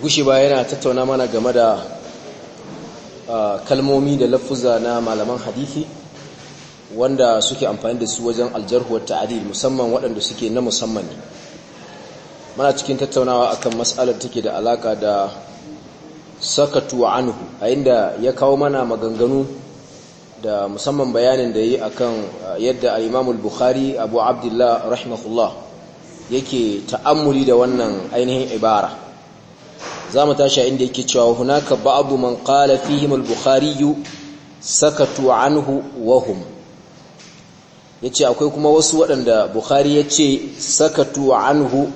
gushe ba yana tattauna mana game da kalmomi da lafuza na malaman hadithi wanda suke amfani da su wajen aljarhuwar ta'adil musamman waɗanda suke na musamman ne mana cikin tattaunawa akan mas'alar take da alaka da sakatu anhu a inda ya kawo mana maganganu da musamman bayanin da yi akan yadda imamul bukhari Abu abdullahi rahimahullah yake ta'ammuli da wannan ainihin ibara zamu tashi inda yake cewa hunaka babu man qala fihim al-bukhari sakatu anhu wa hum yace akwai kuma wasu waɗanda bukhari yace sakatu anhu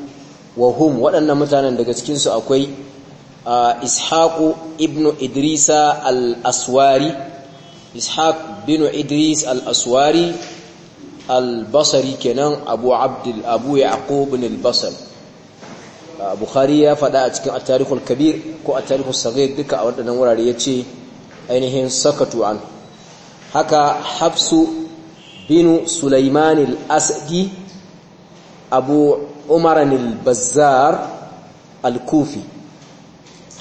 wa hum waɗannan mutanen daga cikin su akwai ishaqu ibnu idrisa al-aswari ishaq bin idris al-aswari al-basri kenan abu abdul abu yaqub al-basri Ah, bukhari ya faɗa a cikin atarikul kabir ko a tarikhul saghir duka a waɗannan wurare ya ce ainihin sakatu an haka hafsu bin sulaiman al-asdi abu umar bazar al-kufi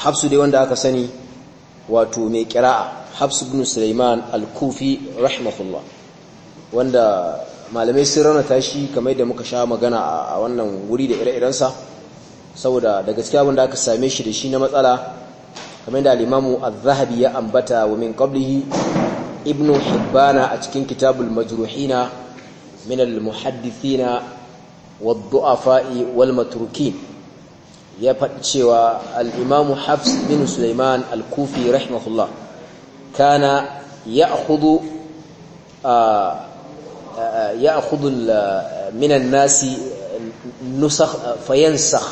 hafsu dai wanda aka sani wato mai kira'a hafsu bin sulaiman al-kufi rahimahullah wanda malamai sun rana tashi kamar da muka sha magana a wannan wuri da ire-irensa saboda da gaskiya abin da aka same shi da shi na matsala kamar da al-imamu zahabi ya ambata wa min qablihi ibnu hibbana a cikin kitabul majruhina min al-muhaddithina wad-du'afa'i wal-matrukin ya faɗi cewa al-imamu hafs bin sulaiman al-kufi rahimahullah kana ya'khudhu يأخذ من الناس نسخ فينسخ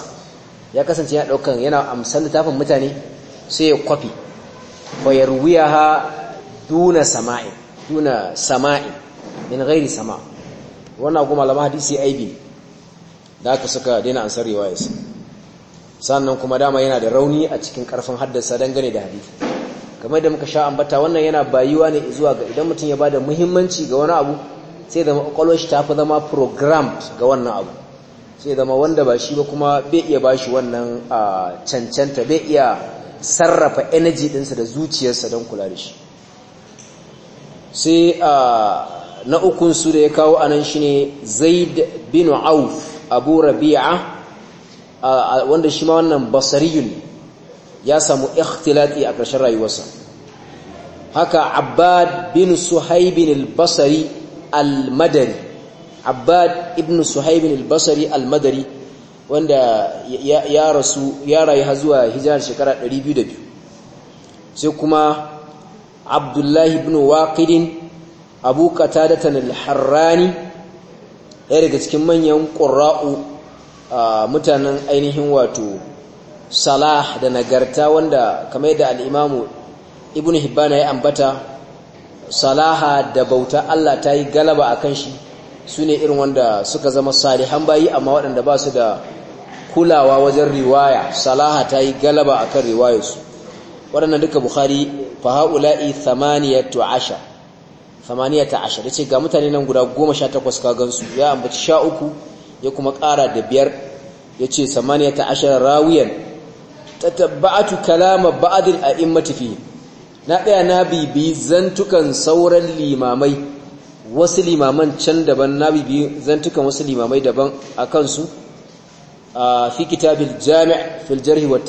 ya kasance yana daukan yana amsar littafin mutane sai ya kwafi ruwiya ha duna sama'i duna sama'i min gairi sama wannan kuma malama hadisi aibi da aka suka daina ansar riwayas sannan kuma dama yana da rauni a cikin karfin haddasa dangane da hadisi kamar da muka sha ambata wannan yana bayuwa ne zuwa ga idan mutum ya bada muhimmanci ga wani abu sai da kwakwalwar shi ta fi zama programmed ga wannan abu sai zama wanda ba shi ba kuma bai iya ba shi wannan cancanta bai iya sarrafa energy dinsa da zuciyarsa don kula da shi sai na ukunsu da ya kawo anan shine Zaid bin Auf Abu Rabi'a wanda shi ma wannan basariyun ya samu ikhtilati a ƙarshen rayuwarsa haka Abbad bin suhaibin basari almadari al-Madani abbad ibn Suhaib al basri al-madari wanda ya rasu ya rayu har zuwa hijirar shekara 202 sai kuma abdullahi ibn waqid abu qatadatan al-harrani ɗaya daga cikin manyan ƙura'u mutanen ainihin wato salah da nagarta wanda kamar da al'imamu ibn hibbana ya ambata salaha da bauta Allah ta yi galaba a kan shi su ne irin wanda suka zama salihan bayi amma waɗanda ba su da kulawa wajen riwaya salaha ta yi galaba akan riwayarsu waɗannan duka buhari fa haula'i thamaniyatu ashar ce ga mutane nan guda 18 ka gansu ya ambaci sha uku ya kuma ƙara da biyar yace thamaniyata ashar rawiyan tabbatu kalama ba'adin a'immatifi na ɗaya na bibi zantukan sauran limamai wasu limaman can daban na bibiyu zantukan wasu limamai daban a kansu a fi kitabil jami' fil wa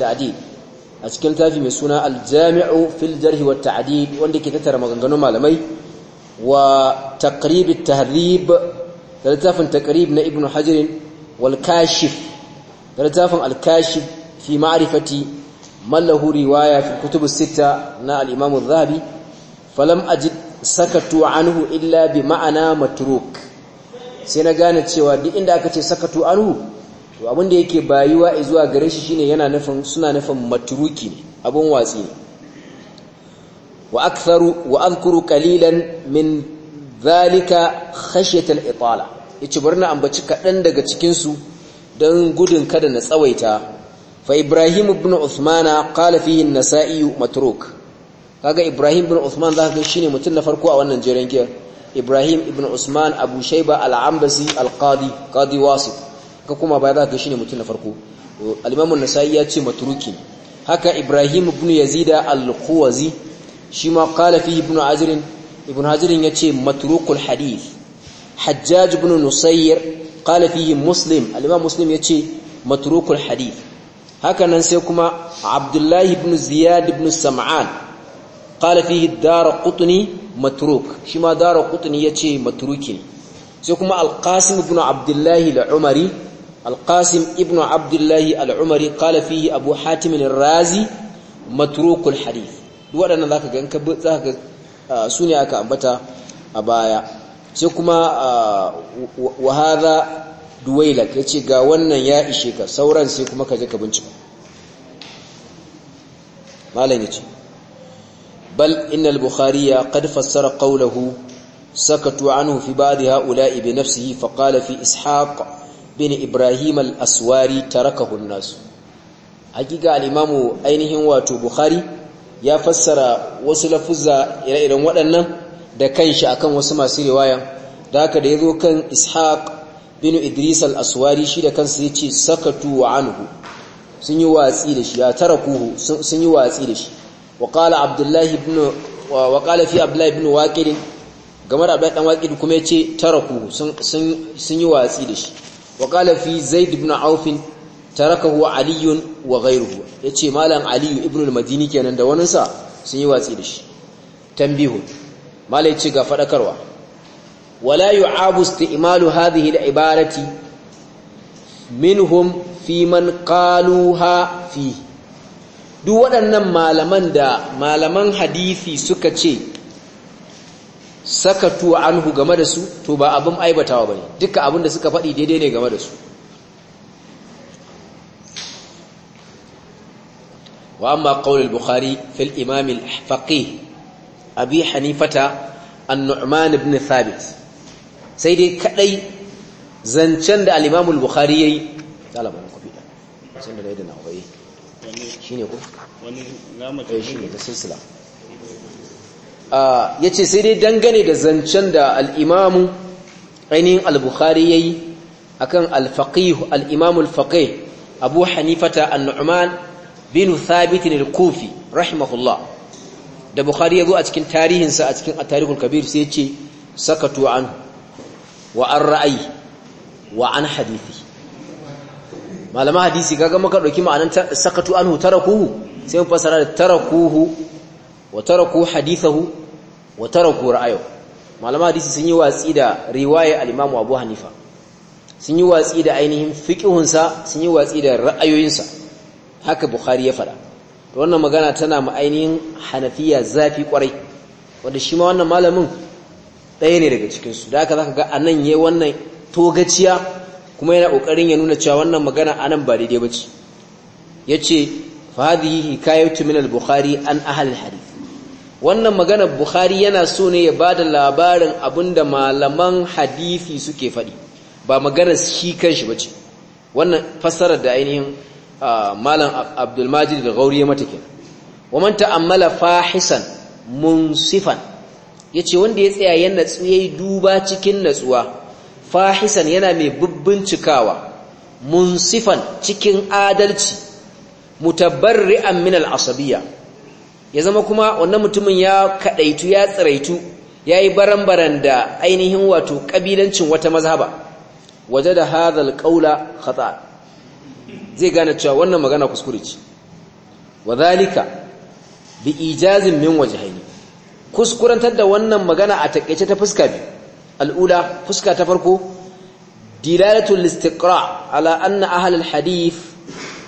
a cikin tafi mai suna al jami'u fil wa ta'dil wanda ke tattara maganganun malamai wa takribi tahrib da littafin takrib na ibnu hajar wal kashif da littafin al fi ma'rifati man lahu riwaya fi kutubus sita na al imam zahabi falam ajid sakatu anhu illa bi ma'ana matruk sai na gane cewa duk inda aka ce sakatu anhu to abin da yake bayuwa zuwa gare shi shine yana nufin suna nufin matruki abun watsi wa aktharu wa adhkuru qalilan min dhalika khashyat al-itala yace bari na ambaci kadan daga cikin su dan gudun kada na tsawaita fa ibrahim ibn usmana qala fihi an-nasa'i matruk kaga Ibrahim bin Uthman zaka ga shine mutum na farko a wannan jeren giyar Ibrahim ibn Usman Abu Shayba al-Ambasi al-Qadi Qadi ka kuma baya zaka ga shine mutum na farko al nasai ya ce matruki haka Ibrahim ibn yazida al-Quwazi shi ma qala fihi ibn Azir ibn ya yace maturukul hadith Hajjaj ibn Nusayr kala fihi Muslim Muslim yace matrukul hadith haka nan sai kuma abdullahi ibn Ziyad ibn Sam'an qala fihi dar qutni matruk shima dara dar qutni yace matruki sai kuma al ibn abdullah al-umari al ibn abdullah al-umari qala fihi abu hatim ar-razi matruk al-hadith duk zaka ga in ka zaka ga aka ambata a baya sai kuma wa hadha duwailak yace ga wannan ya ishe ka sauran sai kuma ka je ka bincika malam yace bal innal ya qad fassara qawluhu sakatu anhu fi ba'd ha'ula'i bi nafsihi fa qala fi ishaq bin ibrahim al-aswari tarakahu an-nas hakika al ainihin wato bukhari ya fassara wasu lafuzza ire-iren waɗannan da kanshi akan wasu masu riwaya da haka da zo kan Ishaq bin Idris al-Aswari shi da kansa yace sakatu wa anhu sun yi watsi da shi ya tarakuhu sun yi watsi da shi وقال عبد الله بن وقال game da abin kuma ya ce taraku sun yi watsi da shi wa ƙala fi zaid ibn aufin tarakahu aliyun wa ghairuhu ya ce malam aliyu ibn al kenan da waninsa sun yi watsi da shi tambihu malai ce ga faɗakarwa wala yu'abu isti'malu hadhihi da ibarati minhum fi man qaluha fihi duk waɗannan malaman da malaman hadisi suka ce sakatu anhu game da su to ba abin aibatawa ne duka abin da suka faɗi daidai ne game da su wa amma ƙaunar bukari fil imamil faƙi abi hanifata an-nu'man ibn thabit sai dai kaɗai zancen da alimamul bukari ya yi. yayi kwafi ɗan da na shine ko wani eh, shine da silsila ah, sai dai dangane da zancen da al'imamu ainihin al-bukhari akan yi a kan al'imamu al-faƙe abu hanifata al-nu'man bin thabitin al-kufi rahimahullah da bukhari ya zo a cikin tarihinsa a cikin tarihul kabir sai yace sakatu an wa an ra'ayi wa an hadithi malama hadisi kaga maka dauki ma'anan sakatu anhu tarakuhu sai mu fasara da tarakuhu wa taraku hadithahu wa taraku ra'ayu malama hadisi sun yi watsi da riwaya al imamu Abu Hanifa sun yi watsi da ainihin fiqhunsa sun yi watsi da ra'ayoyinsa haka Bukhari ya fada to wannan magana tana mu ainihin Hanafiya zafi kwarai wanda shi ma wannan malamin ɗaya ne daga cikin su da haka zaka ga anan yayi wannan togaciya kuma yana ƙoƙarin ya nuna cewa wannan magana anan ba daidai bace ya fa hadhihi hikayatu min al-bukhari an ahal hari wannan magana bukhari yana so ne ya da labarin abinda malaman hadisi suke faɗi ba magana shi kanshi bace wannan fassarar da ainihin malam Abdulmajid da gauri ya mata kenan wa man ta'ammala fahisan munsifan yace wanda ya tsaya yana tsaye duba cikin natsuwa fahisan yana mai bincikawa munsifan cikin adalci mutabarri'an min Asabiya, ya zama kuma wannan mutumin ya kaɗaitu ya tsiraitu ya yi baran-baran da ainihin wato kabilancin wata mazhaba da hadal ƙaula khata zai gane cewa wannan magana kuskure ce wadhalika bi ijazin min wajhaini kuskurantar da wannan magana a takeice ta fuska biyu Al'uda, fuska ta farko dilalatul istiqra ala anna ahlul hadith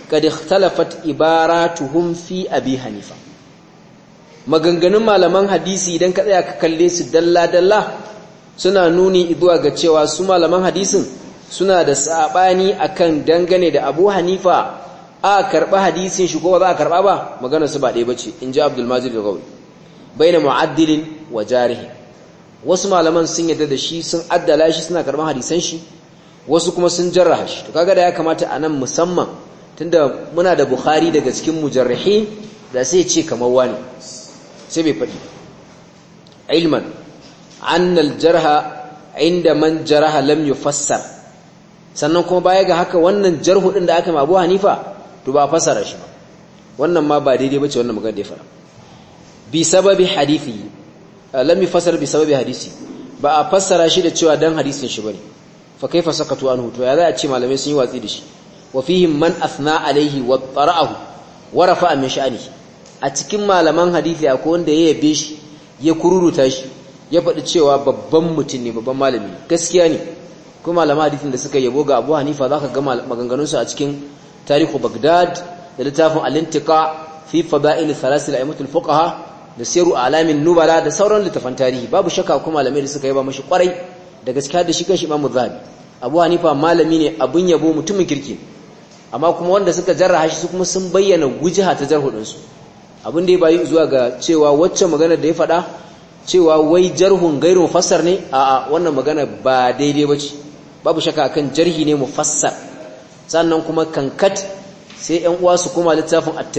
kad ibara, tuhumfi fi abi hanifa maganganun malaman hadisi idan ka tsaya ka kalle su dalla dalla suna nuni zuwa ga cewa su malaman hadisin suna da sabani akan dangane da Abu Hanifa a karba hadisin shi ko ba a karba ba magana su ba ɗaya ba bace inji Abdul Majid al-Ghawi baina mu'addilin wa jarihi wasu malaman sun yadda da shi sun addala shi suna karban hadisan shi wasu kuma sun jarraha shi to kaga da ya kamata a nan musamman tunda muna da bukhari daga cikin mujarrihi da sai ce kamar wani sai bai faɗi ilman annal jarha inda man jaraha lam yufassar sannan kuma baya ga haka wannan jarhu din da aka ma Abu Hanifa to ba fasara shi ba wannan ma ba daidai bace wannan magana da ya fara bi sababi hadithi Uh, lam fasar bi sababi hadisi ba a fassara shi da cewa dan hadisin shi bane fa kaifa sakatu anhu to ya za a ce malamai sun yi watsi da shi wa fihim man athna alaihi wa tara'ahu wa rafa'a min sha'anihi a cikin malaman hadisi akwai wanda ya yabe shi ya kururuta shi ya faɗi cewa babban mutum ne babban malami gaskiya ne kuma malaman hadisin da suka yabo ga Abu Hanifa zaka ga su a cikin tarihu Baghdad da littafin al-intiqa fi fada'il thalathil a'immatul fuqaha da siru alamin nubala da sauran littafan tarihi babu shaka kuma malamai da suka yaba mashi kwarai da gaskiya da shi kanshi Imam Zahabi Abu Hanifa malami ne abun yabo mutumin kirki amma kuma wanda suka jarraha shi su kuma sun bayyana gujiha ta jarhudin su abin da ya bayi zuwa ga cewa wacce magana da ya fada cewa wai jarhun gairu mufassar ne a wannan magana ba daidai bace babu shaka kan jarhi ne mufassar sannan kuma kankat sai ƴan uwa su koma littafin at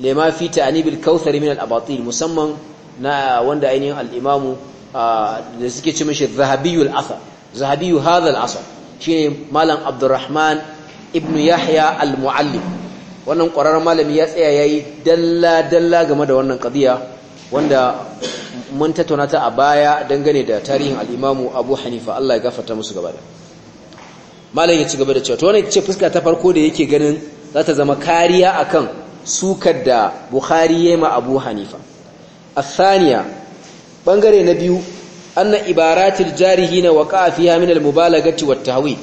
lema fi ta'anibil kautsar min al-abatil musamman na wanda ainihin al-imam da suke ce mishi zahabiyul asar zahabiyu hadha al shi shine malam abdurrahman ibn yahya al-muallim wannan ƙwararren malami ya tsaya yi dalla dalla game da wannan qadiya wanda mun tattauna ta a baya dangane da tarihin al abu hanifa Allah ya gafarta musu gaba da malam ya ci gaba da cewa to wannan ce fuska ta farko da yake ganin za ta zama kariya a kan. sukar da bukhari ya ma abu hanifa الثانية بانغري نبيو أن إبارات الجارحين وقع فيها من wata hawi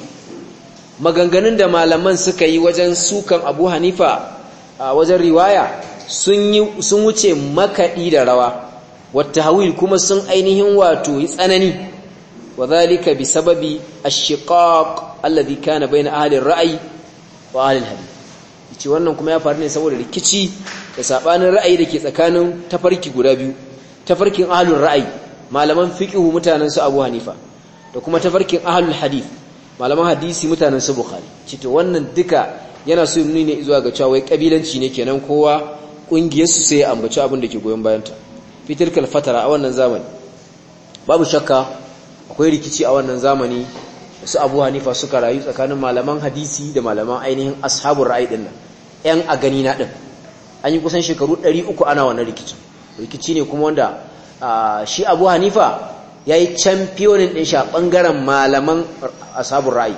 maganganun da malaman suka yi wajen sukan abu hanifa a wajen riwaya sun wuce makaɗi da rawa wata hawi kuma sun ainihin wato yi tsanani wa zalika bi sababi ashiqaq alladhi kana bayna ahli ar-ra'yi yace wannan kuma ya faru ne saboda rikici da sabanin ra'ayi da ke tsakanin tafarki guda biyu tafarkin ahlul ra'ayi malaman fiqh mutanen su Abu Hanifa da kuma tafarkin ahlul hadith malaman hadisi mutanen su Bukhari cito wannan duka yana so nuni ne zuwa ga cewa wai kabilanci ne kenan kowa kungiyar su sai ambaci abin da ke goyon bayanta fitilkal fatara a wannan zamani babu shakka akwai rikici a wannan zamani su abu hanifa suka rayu tsakanin malaman hadisi da malaman ainihin ashabun ra'ayi din nan yan a gani na din an yi kusan shekaru 300 ana wannan rikici rikici ne kuma wanda shi abu hanifa ya yi camfiyonin ɗin shi a ɓangaren malaman ashabun ra'ayi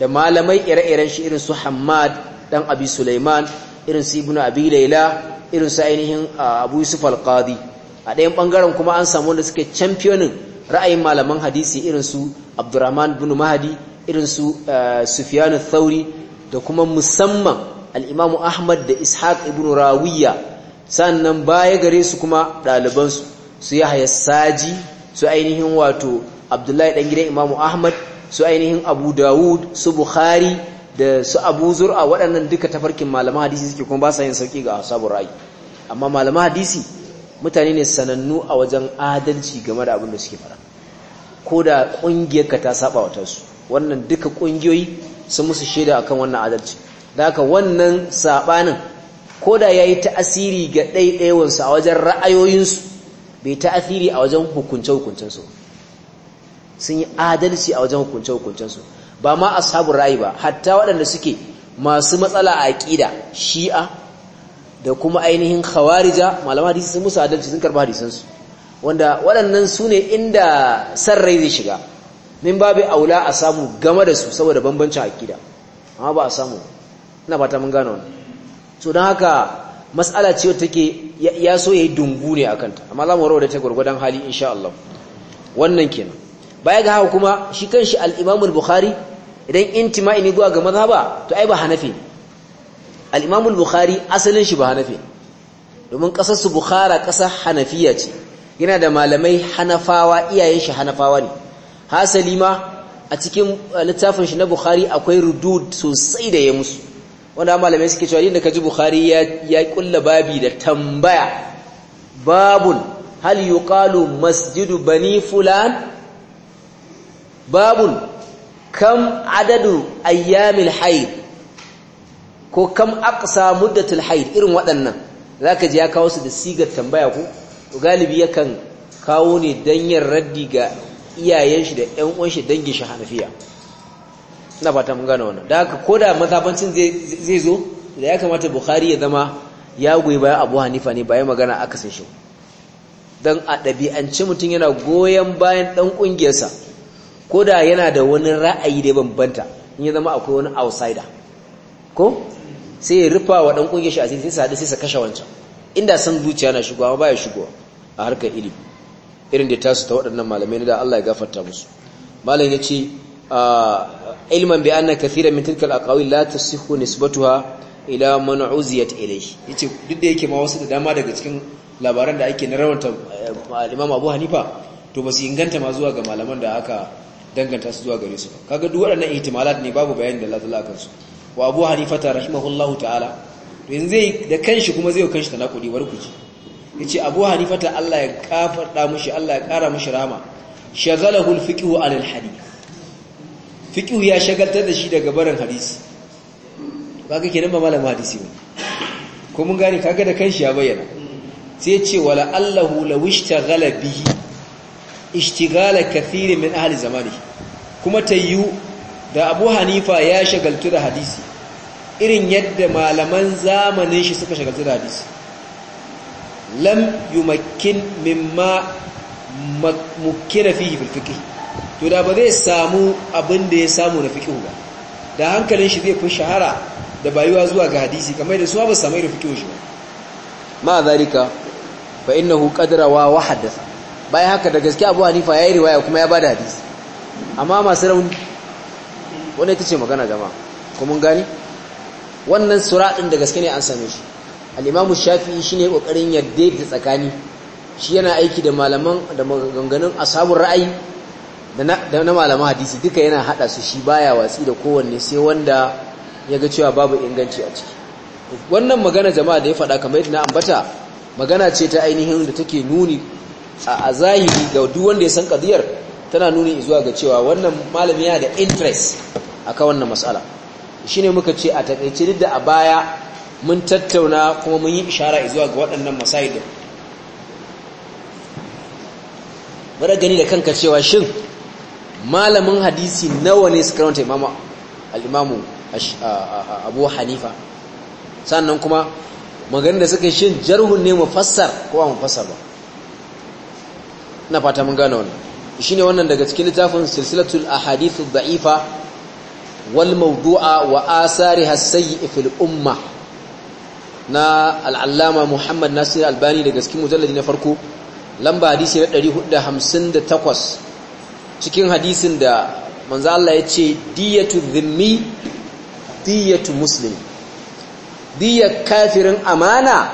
da malamai ire-iren shi irin su hamad dan abi sulaiman irin su ibnu abi laila irin su ainihin abu yusuf alqadi a ɗayan ɓangaren kuma an samu wanda suke camfiyonin ra'ayin malaman hadisi irin su abdurrahman bin mahadi irin su eh, sufyan thauri da kuma musamman al-imamu ahmad da ishaq ibn rawiya sannan baya gare su kuma ɗaliban su yahya saji su ainihin wato abdullahi dan gidan imamu ahmad su ainihin abu dawud su bukhari da su abu zur'a waɗannan duka tafarkin malaman hadisi suke kuma ba sa yin sauki ga ashabul ra'ayi amma malaman hadisi mutane ne sanannu a wajen adalci game da abin da suke fara ko da ƙungiyarka ta saba wa tasu wannan duka ƙungiyoyi sun musu shaida akan wannan adalci da haka wannan sabanin ko da ya yi ta'asiri ga ɗaiɗaiwansu a wajen ra'ayoyinsu bai ta'asiri a wajen hukunce hukuncensu sun yi adalci a wajen hukunce hukuncensu ba ma sabu ra'ayi ba hatta waɗanda suke masu matsala a aƙida shi'a da kuma ainihin khawarija malama hadisi sun musu adalci sun karba hadisansu wanda waɗannan su ne inda san rai zai shiga min babu aula a samu game da su saboda bambancin akida amma ba a samu ina fata mun gane wannan To don haka mas'ala ce wata take ya so yayi dungu ne a ta amma za mu rawa da ta gwargwadon hali insha Allah wannan kenan baya ga haka kuma shi kanshi al-Imam al-Bukhari idan intima ini zuwa ga mazhaba to ai ba Hanafi ne al'imamul imamul bukhari asalin shi ba domin kasar su bukhara kasar hanafiya ce yana da malamai hanafawa iyayen shi hanafawa ne hasali ma a cikin littafin shi na bukhari akwai rudud sosai da ya musu wanda malamai suke cewa inda kaji bukhari ya ya kulla babi da tambaya babun hal yuqalu masjidu bani fulan babun kam adadu ayyamil hayd ko kam aqsa muddatul haid irin waɗannan zaka ji ya kawo su da sigar tambaya ko to galibi yakan kawo ne dan yin raddi ga iyayen shi da ƴan uwan shi dangin shi Hanafiya ina fata mun gane wannan da haka koda mazabancin zai zai zo da ya kamata Bukhari ya zama ya goyi bayan Abu Hanifa ne bayan magana aka san shi dan a dabi'anci mutum yana goyen bayan ɗan ƙungiyarsa ko da yana da wani ra'ayi da bambanta in ya zama akwai wani outsider ko sai ya rufa wa dan kungiyar shi a sai su sai sa kashe wancan inda san zuciya na shigowa ya shigowa a harkar ilimi irin da su ta waɗannan malamai da Allah ya gafarta musu malam yace ah, ilman bi anna kathira min tilka al-aqawil la tasihhu nisbatuha ila man uziyat ilayhi yace duk da yake ma wasu da dama daga cikin labaran da ake na al-Imam eh, Abu Hanifa to ba su inganta ma zuwa ga malaman da aka danganta su zuwa gare su kaga duk waɗannan ihtimalat ne babu bayani da Allah ta kansu wa abu hanifata rahimahullahu ta'ala to yanzu zai da kanshi kuma zai kanshi talakudi bar kuji yace abu hanifata Allah ya kafarda mushi Allah ya kara mushi rama shagalahu alfiqhu anil hadith fiqhu ya shagaltar da shi daga barin hadisi kaga kenan ba malamin hadisi ba ko mun gane kaga da kanshi ya bayyana sai ce wala allahu law ishtaghala bihi Ishtigala kathir min ahli zamani kuma tayyu da abu hanifa ya shagaltu da hadisi irin yadda malaman zamanin shi suka shagaltu da hadisi lam yumakkin mimma mukkina fihi bil fiqh to da ba zai samu abin da ya samu na fiqh ba da hankalin shi zai fi shahara da bayuwa zuwa ga hadisi kamar da su ba su samai da fiqh shi ba ma zalika fa innahu qadra wa haddasa bayan haka da gaskiya Abu Hanifa yi riwaya kuma ya ba da hadisi amma masu rauni wannan ta ce magana jama'a kuma gani wannan suraɗin da gaske ne an same shi al'imamu shafi shi ne kokarin yadda da tsakani shi yana aiki da malaman da maganganun sabon ra'ayi da na malama hadisi duka yana hada su shi baya watsi da kowanne sai wanda ya ga cewa babu inganci a ciki wannan magana jama'a da ya fada kamar yadda na ambata magana ce ta ainihin da take nuni a zahiri ga duk wanda ya san kadiyar tana nuni zuwa ga cewa wannan malami yana da interest akan wannan matsala shine muka ce a takaice duk da a baya mun tattauna kuma mun yi ishara izuwa ga waɗannan masail din bara gani da kanka cewa shin malamin hadisi nawa ne suka rawanta imamu al Abu Hanifa sannan kuma maganin da suka shin jarhun ne mufassar ko ba mufassar ba ina fata mun gane wannan shine wannan daga cikin littafin silsilatul ahadithu da'ifa wal maudu'a wa asariha sayyi fil umma na al'alama Muhammad Nasir Albani da cikin mujalladi na farko lamba hadisi na 458 cikin hadisin da manzo Allah ya ce diyatu dhimmi diyatu muslim diyar kafirin amana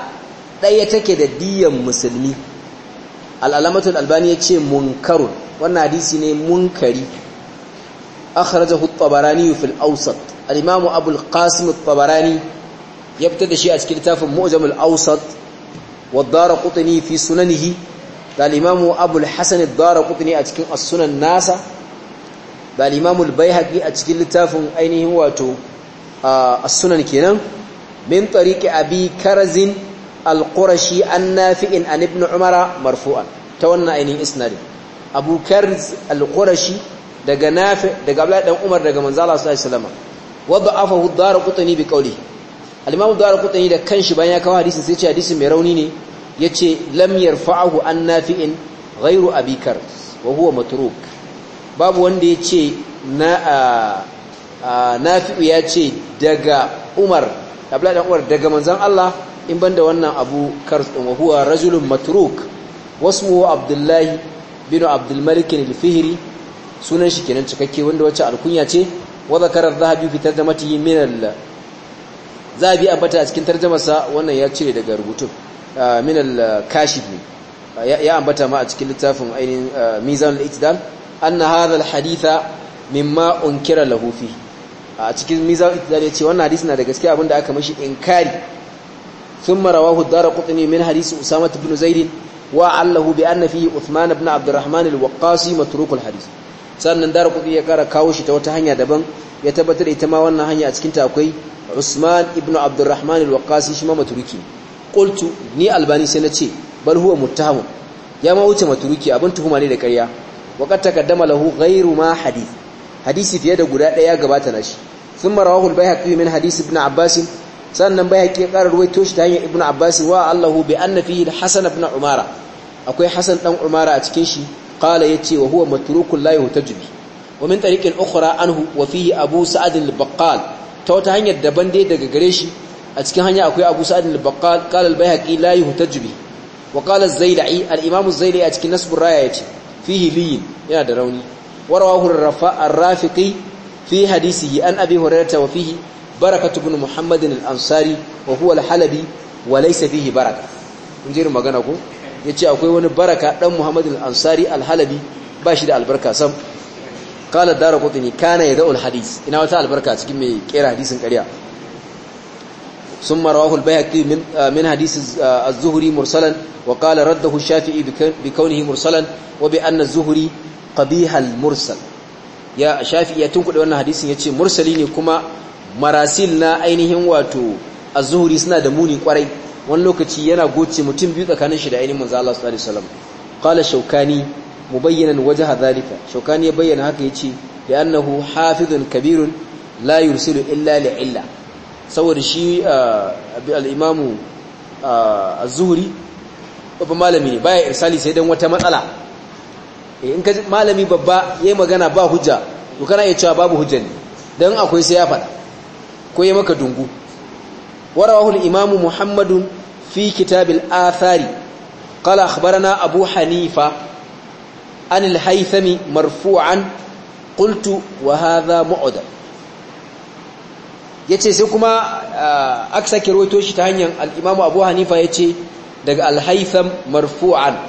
ɗaya take da diyar musulmi al albani ya ce wannan hadisi ne munkari akhrajahu at-tabarani fi al-awsat al tabarani yabta da shi a cikin littafin mu'jam al wa ad-darqutni fi sunanihi da al-imam abu a cikin as-sunan nasa da al-imam a cikin littafin ainihin wato as-sunan kenan min tariqi abi karzin al-qurashi an-nafi'in an ibn umara marfu'an ta wannan ainihin isnadin abu karz al daga nafi daga abu dan umar daga manzo su sallallahu alaihi wasallam wadda afahu darqutni bi qawli al-imam kutani da kanshi bayan ya kawo hadisi sai ce hadisi mai rauni ne ya ce lam fa'ahu an nafi'in ghairu abikar wa huwa matruk babu wanda ya ce na nafi'u ya ce daga umar abu dan umar daga manzan Allah in banda wannan abu kars din wa huwa rajulun matruk wasmuhu abdullahi bin abdul malik al sunan shi kenan cikakke wanda wacce alkunya ce wa zakara zahabi fi tarjamatihi min al zahabi ambata a cikin tarjamarsa wannan ya cire daga rubutun min al kashif ya ambata ma a cikin littafin ainihin mizan al itidal anna hadha al haditha mimma unkira lahu fi a cikin mizan al ya ce wannan hadisi na da gaskiya abinda aka mishi inkari ثم رواه الدارقطني من حديث أسامة بن زيد وعله بأن فيه عثمان بن عبد الرحمن الوقاصي متروك الحديث sannan dara kudi ya kara kawo shi ta wata hanya daban ya tabbatar ita ma wannan hanya a cikin ta akwai Usman ibn Abdurrahman al-Waqqasi shi ma maturuki qultu ni albani sai nace bal huwa muttahim ya ma wuce maturuki abin tuhuma ne da ƙarya wa qad taqaddama lahu ghayru ma hadith hadisi fiye da guda ɗaya gabata na shi thumma rawahu al-Baihaqi min Hadisi ibn Abbas sannan Baihaqi ya kara ruwaito shi ta hanyar ibn Abbas wa Allahu bi anna fihi al-Hasan ibn Umara akwai Hasan dan Umara a cikin shi qala yace wa huwa matrukul la yuhtajbi wa min tariqin ukhra anhu wa fihi abu sa'd al-baqqal ta wata hanyar daban dai daga gare shi a cikin hanya akwai abu sa'd al-baqqal qala al-bayhaqi la yuhtajbi wa qala az-zailai al-imam az-zailai a cikin nasb ar-raya yace fihi liyin yana da rauni wa rawahu ar-rafiqi fi hadisihi an abi hurairah wa fihi barakatu ibn muhammad al-ansari wa huwa al-halabi wa laysa fihi baraka kun magana ko ya ce akwai wani baraka ɗan muhammadu ansari alhalabi ba shi da albarka sam kala dara kotuni kana ya da'ul hadis ina wata albarka cikin mai kera hadisin karya sun marawahul bayhaqi ah, min hadisi a ah, zuhuri mursalan wa qala shafi'i bi kaunihi mursalan wa bi anna az-zuhri qabihal mursal ya shafi'i ya tunkuɗe wannan hadisin ce mursali ne kuma marasil na ainihin wato a zuhuri suna da muni kwarai wani lokaci yana goce mutum biyu tsakanin shi da ainihin manzo Allah sallallahu alaihi wasallam qala shaukani mubayyanan wajha dhalika shaukani ya bayyana haka yace bi annahu hafizun kabirun la yursilu illa li illa saboda shi ah, al-imam ah, az-zuhri babban malami ne baya irsali sai dan wata matsala eh, in ka malami babba yayi magana ba hujja to kana iya cewa babu hujja ne dan akwai sai ya faɗa ko yayi maka dungu ورواه الإمام محمد في كتاب الآثار قال أخبرنا أبو حنيفة عن الهيثم مرفوعا قلت وهذا معدل yace sai kuma aka sake rawaito shi ta hanyar al-Imam Abu Hanifa ce daga al marfu'an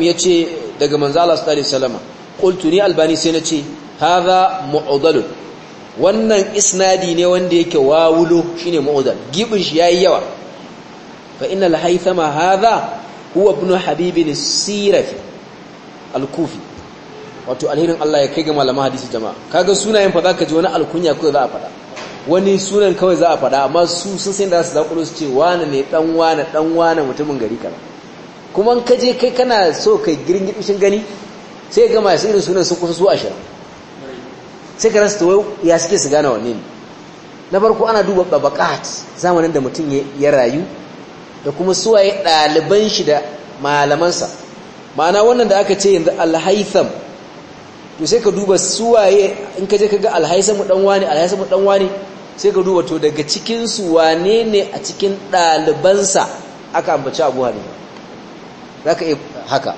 yace daga manzo Allah sallallahu alaihi albani sai ce haza mu'dalun wannan isnadi ne wanda yake wawulo shine mu'dal gibin shi yayi yawa fa innal haythama hadha huwa ibn habib as-sirafi al wato alherin Allah ya kai ga malaman hadisi jama'a kaga sunayen fa zaka ji wani alkunya ko za a fada wani sunan kawai za a fada amma su sun sai da su zakulo su ce wani ne dan wani dan wani mutumin gari kana kuma in kaje kai kana so kai girin gidishin gani sai ga masu irin sunan sun kusa su ashirin sai ka rasa wai ya suke su gane wanne ne na farko ana duba babakat zamanin da mutum ya rayu da kuma suwaye ɗaliban shi da malamansa ma'ana wannan da aka ce yanzu alhaitham to sai ka duba suwaye in ka je ka ga alhaitham dan wani alhaitham dan wani sai ka duba to daga cikin su wane ne a cikin ɗalibansa aka ambaci abu hanifa zaka iya haka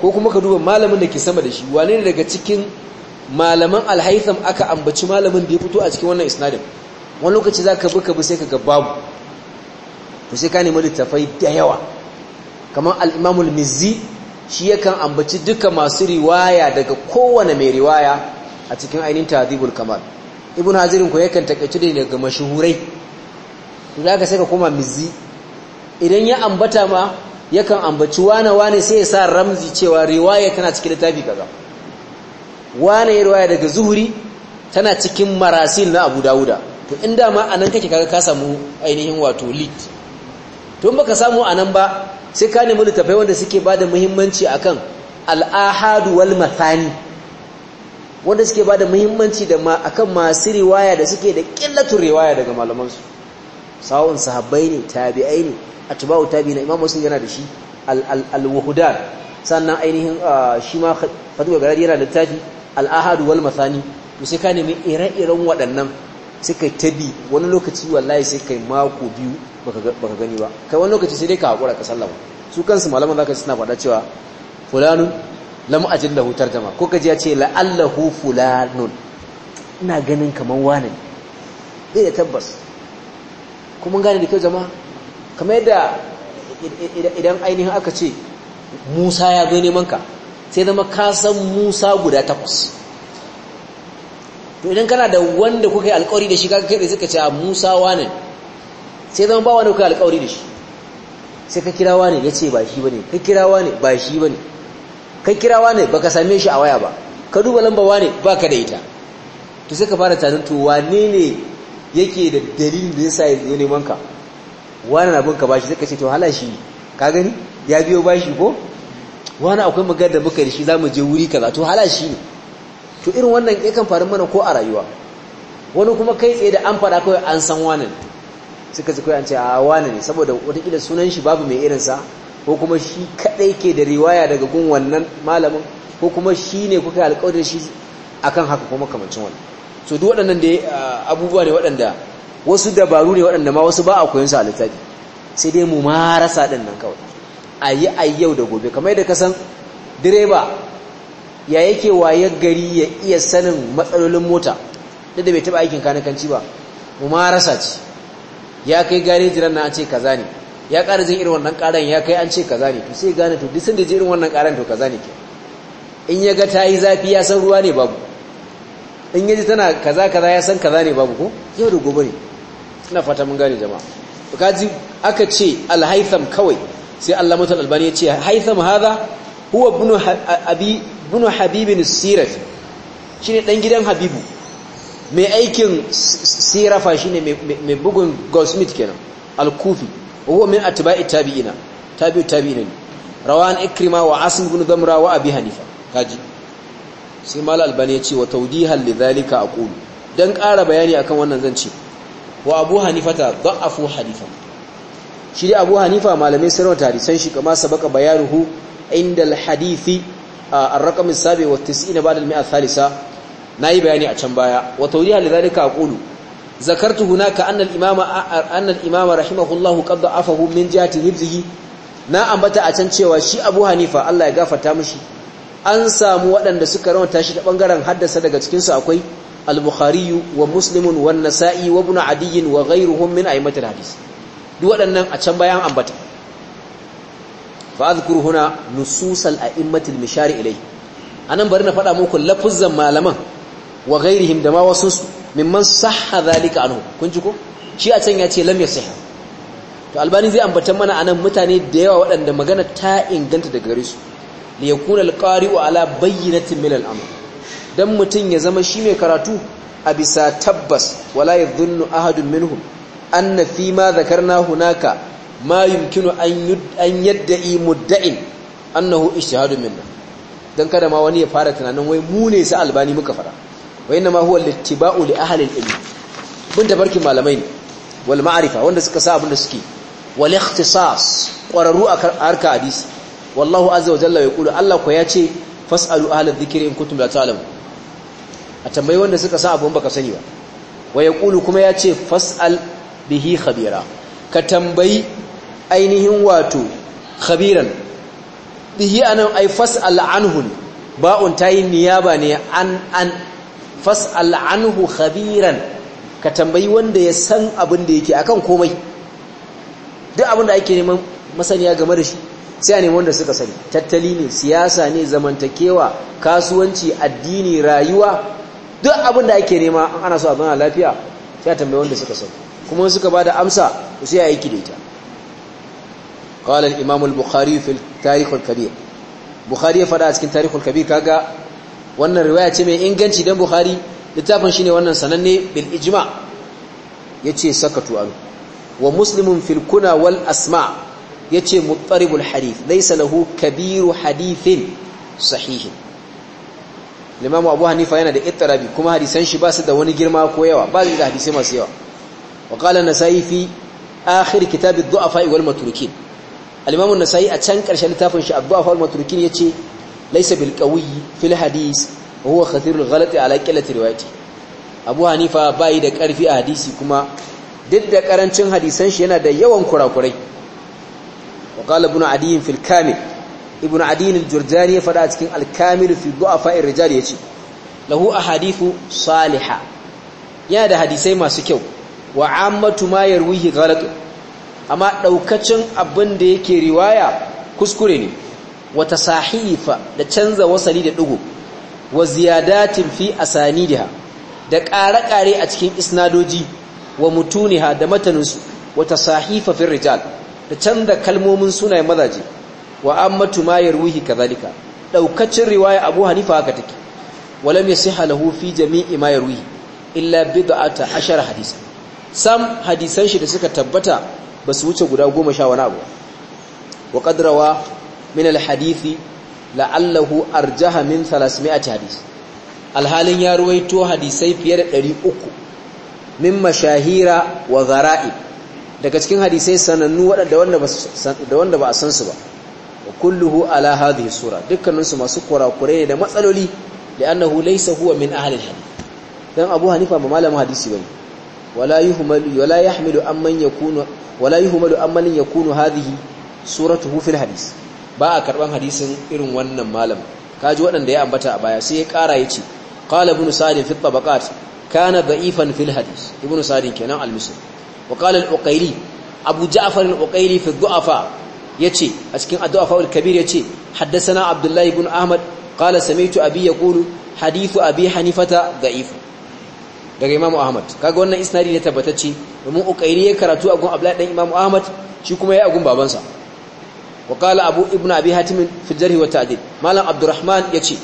ko kuma ka duba malamin da ke sama da shi wane ne daga cikin malaman alhaitham aka ambaci malamin da ya fito a cikin wannan isnadin wani lokaci za ka buka sai ka ga babu to sai ka nemi littafai da yawa kamar al'imamul mizzi shi yakan ambaci duka masu riwaya daga kowane mai riwaya a cikin ainihin tazibul kamar ibn hazirin ku yakan takaici da daga mashuhurai to za ka sai ka koma mizzi idan ya ambata ma yakan ambaci wane wane sai ya sa ramzi cewa riwaya tana cikin littafi kaza wane riwaya daga zuhuri tana cikin marasil na abu dawuda to in ma anan kake kaga ka samu ainihin wato lit to baka samu anan ba sai ka nemi littafai wanda suke bada muhimmanci akan al-ahadu wal mathani wanda suke bada muhimmanci da ma akan masu riwaya da suke da qillatu riwaya daga malaman su sawun sahabbai ne tabi'ai ne atba'u tabi'ina imam muslim yana da shi al wahdan sannan ainihin ah, shi ma fadu ga yana da littafi al'ahadu wal masani to sai ka nemi ire-iren waɗannan suka tabi wani lokaci wallahi sai kai mako biyu baka gani ba kai wani lokaci sai dai ka haƙura ka sallama su kansu malaman zaka suna faɗa cewa fulanun lam ajin lahu jama ko kaji ya ce la'allahu fulanun ina ganin kaman wani ne da tabbas kuma gane da kyau jama'a kamar yadda idan ainihin aka ce Musa ya zo neman ka sai zama ka san musa guda takwas to idan kana da wanda kuka yi alkawari da shi kaka kai suka ce a musa wane sai zama ba wanda kuka yi alkawari da shi sai ka kira wane ya ce ba shi ba ne ka kira wane ba shi ba ne ka kira wane ba ka same shi a waya ba ka duba lamba wane ba ka da ita to sai ka fara tanin to wane ne yake da dalilin da ya sa ya neman ka wane na bin ka ba shi sai ka ce to hala shi ka gani ya biyo ba shi ko wani akwai magana da muka da shi mu je wuri kaza to hala shi ne to irin wannan yakan faru mana ko a rayuwa wani kuma kai tsaye da an fara kawai an san wani suka ji kawai an ce a wani ne saboda wataƙila sunan shi babu mai irinsa ko kuma shi kadai ke da riwaya daga gun wannan malamin ko kuma shi ne kuka alƙawarin shi akan haka kuma kamancin wani so duk waɗannan da abubuwa ne waɗanda wasu dabaru ne waɗanda ma wasu ba a koyon su a littafi sai dai mu marasa ɗin nan kawai a yi a yau da gobe kamar yadda kasan direba ya yake wayan gari ya iya sanin matsalolin mota duk da bai taɓa aikin kanikanci ba mu ma rasa ce ya kai gareji ran an ce kaza ne ya ƙara jin irin wannan ƙaran ya kai an ce kaza ne to sai gane to duk da ji irin wannan ƙaran to kaza ne ke in ya ga ta yi zafi ya san ruwa ne babu in ya ji tana kaza kaza ya san kaza ne babu ko yau da gobe ne ina fata mun gane jama'a ka ji aka ce alhaitham kawai sai Allah mutal albani ya ce haitham hadha huwa ibn abi ibn habib sirafi shine dan gidan habibu mai aikin sirafa shine mai bugun goldsmith kenan al-kufi huwa min atba'i tabi'ina tabi'u tabi'ina rawan ikrima wa asim ibn damra wa abi hanifa kaji sai mal albani ya ce wa tawdihan lidhalika aqulu dan ƙara bayani akan wannan zan ce wa abu hanifata dha'afu hadithan shi abu hanifa malamai sun rawata hadisan shi kama sabaka bayanuhu inda alhadithi ar-raqam sabi wa 90 ba'da al-mi'a ath nayi bayani a can baya wa tawdiha lidhalika aqulu zakartu hunaka anna al-imama anna imama rahimahullahu qad da'afahu min jihati hibzihi na ambata a can cewa shi abu hanifa Allah ya gafarta mishi an samu waɗanda suka rawa shi ta ɓangaren haddasa daga cikinsu su akwai al-bukhari wa muslimun wa an-nasa'i wa ibn adiy wa ghayruhum min a'immatil hadith duk waɗannan a can bayan ambata fa azkuru huna nususal a'immatil mishari ilai anan bari na faɗa muku lafuzan malaman wa ghairihim da ma wasu mimman sahha zalika anhu kun ji ko shi a can ya ce lam yasih to albani zai ambata mana anan mutane da yawa waɗanda magana ta inganta daga gare su li yakuna alqari'u ala bayyinatin min al dan mutun ya zama shi mai karatu a bisa tabbas wala yadhunnu ahadun minhum anna fi ma zakarna hunaka ma yumkinu an yadda'i mudda'in annahu ishtihadu minna dan kada ma wani ya fara tunanin wai mu ne sa albani muka fara wai inma huwa littiba'u li ahli al-ilm bin tabarkin malamai ne wal ma'rifa wanda suka sa abin da suke wal ikhtisas qararu a harka hadisi wallahu azza wa jalla yaqulu Allah ko yace fasalu ahli dhikri in kuntum la ta'lamu a tambayi wanda suka sa abun baka sani ba wa yaqulu kuma yace fasal bihi khabira ka tambayi ainihin wato khabiran bihi anan ay fas'al anhu ba'un tayi niyaba ne an an fas'al anhu khabiran ka tambayi wanda ya san abin da yake akan komai duk abin da ake neman masaniya game da shi sai a neman wanda suka sani tattali ne siyasa ne zamantakewa kasuwanci addini rayuwa duk abin da ake nema ana so a zauna lafiya sai a tambayi wanda suka sani kuma suka ba da amsa sai aiki da ita qala al bukhari fi kabir bukhari ya fada a cikin tarikh kabir kaga wannan riwaya ce mai inganci dan bukhari littafin shine wannan sananne bil ya ce sakatu an wa muslimin filkuna wal asma yace muttaribul hadith laysa salahu kabiru hadithin sahihin limamu abu hanifa yana da ittirabi kuma hadisan shi ba su da wani girma ko yawa ba su da hadisai masu yawa وقال النسائي في آخر كتاب الضعفاء والمتروكين الإمام النسائي أتشان كرش لتافن شاء الضعفاء والمتروكين يتشي ليس بالقوي في الحديث وهو خطير الغلط على كلة روايته أبو حنيفة بايد كارفي أحديثي كما ضد كارنشن حديثان شينا دا يوان كورا كوري وقال ابن عدي في الكامل ابن عدي الجرجاني فدأت كن الكامل في ضعفاء الرجال يتشي له أحاديث صالحة يا دا حديثي ما سكيو wa ammatu ma yarwihi ghalatun amma daukacin abin da yake riwaya kuskure ne wa tasahifa da canza wasali da dugu. wa ziyadatin fi asanidiha da ƙare-ƙare a cikin isnadoji wa mutuniha da mataninsu wa tasahifa fi rijal da canza kalmomin sunayen mazaje wa ammatu ma yarwihi kadhalika daukacin riwaya Abu Hanifa haka take walam yasiha lahu fi jami'i ma yarwihi illa bid'ata ashar hadisa sam hadisan shi da suka tabbata ba su wuce guda goma sha wani abu wa qadrawa min alhadithi la'allahu arjaha min 300 hadis alhalin ya ruwaito hadisai fiye da ɗari uku min mashahira wa zara'i daga cikin hadisai sanannu waɗanda wanda ba da wanda ba a san su ba wa kulluhu ala hadhihi sura dukkaninsu masu kurakure ne da matsaloli li'annahu laysa huwa min ahli alhadith dan abu hanifa ba malamin hadisi bane ولا يهمل ولا يحمل أمن يكون هذه hadis ba a karban hadisin irin wannan malam kaji waɗanda ya ambata a baya sai ya kara yace qala ibn sa'd fi tabaqat kana da'ifan fil hadis ibn sa'd kenan al-misri wa qala al-uqayli abu ja'far al-uqayli fi du'afa yace a cikin ad-du'afa al-kabir yace haddathana abdullahi ibn ahmad qala sami'tu abi yaqulu hadithu abi hanifata da'if daga imamu ahmad kaga wannan isnadi ne tabbatacce domin ukairi ya karatu a gun abdullahi dan imamu ahmad shi kuma ya gun babansa wa qala abu ibnu abi hatim fi jarh wa ta'dil malam abdurrahman yace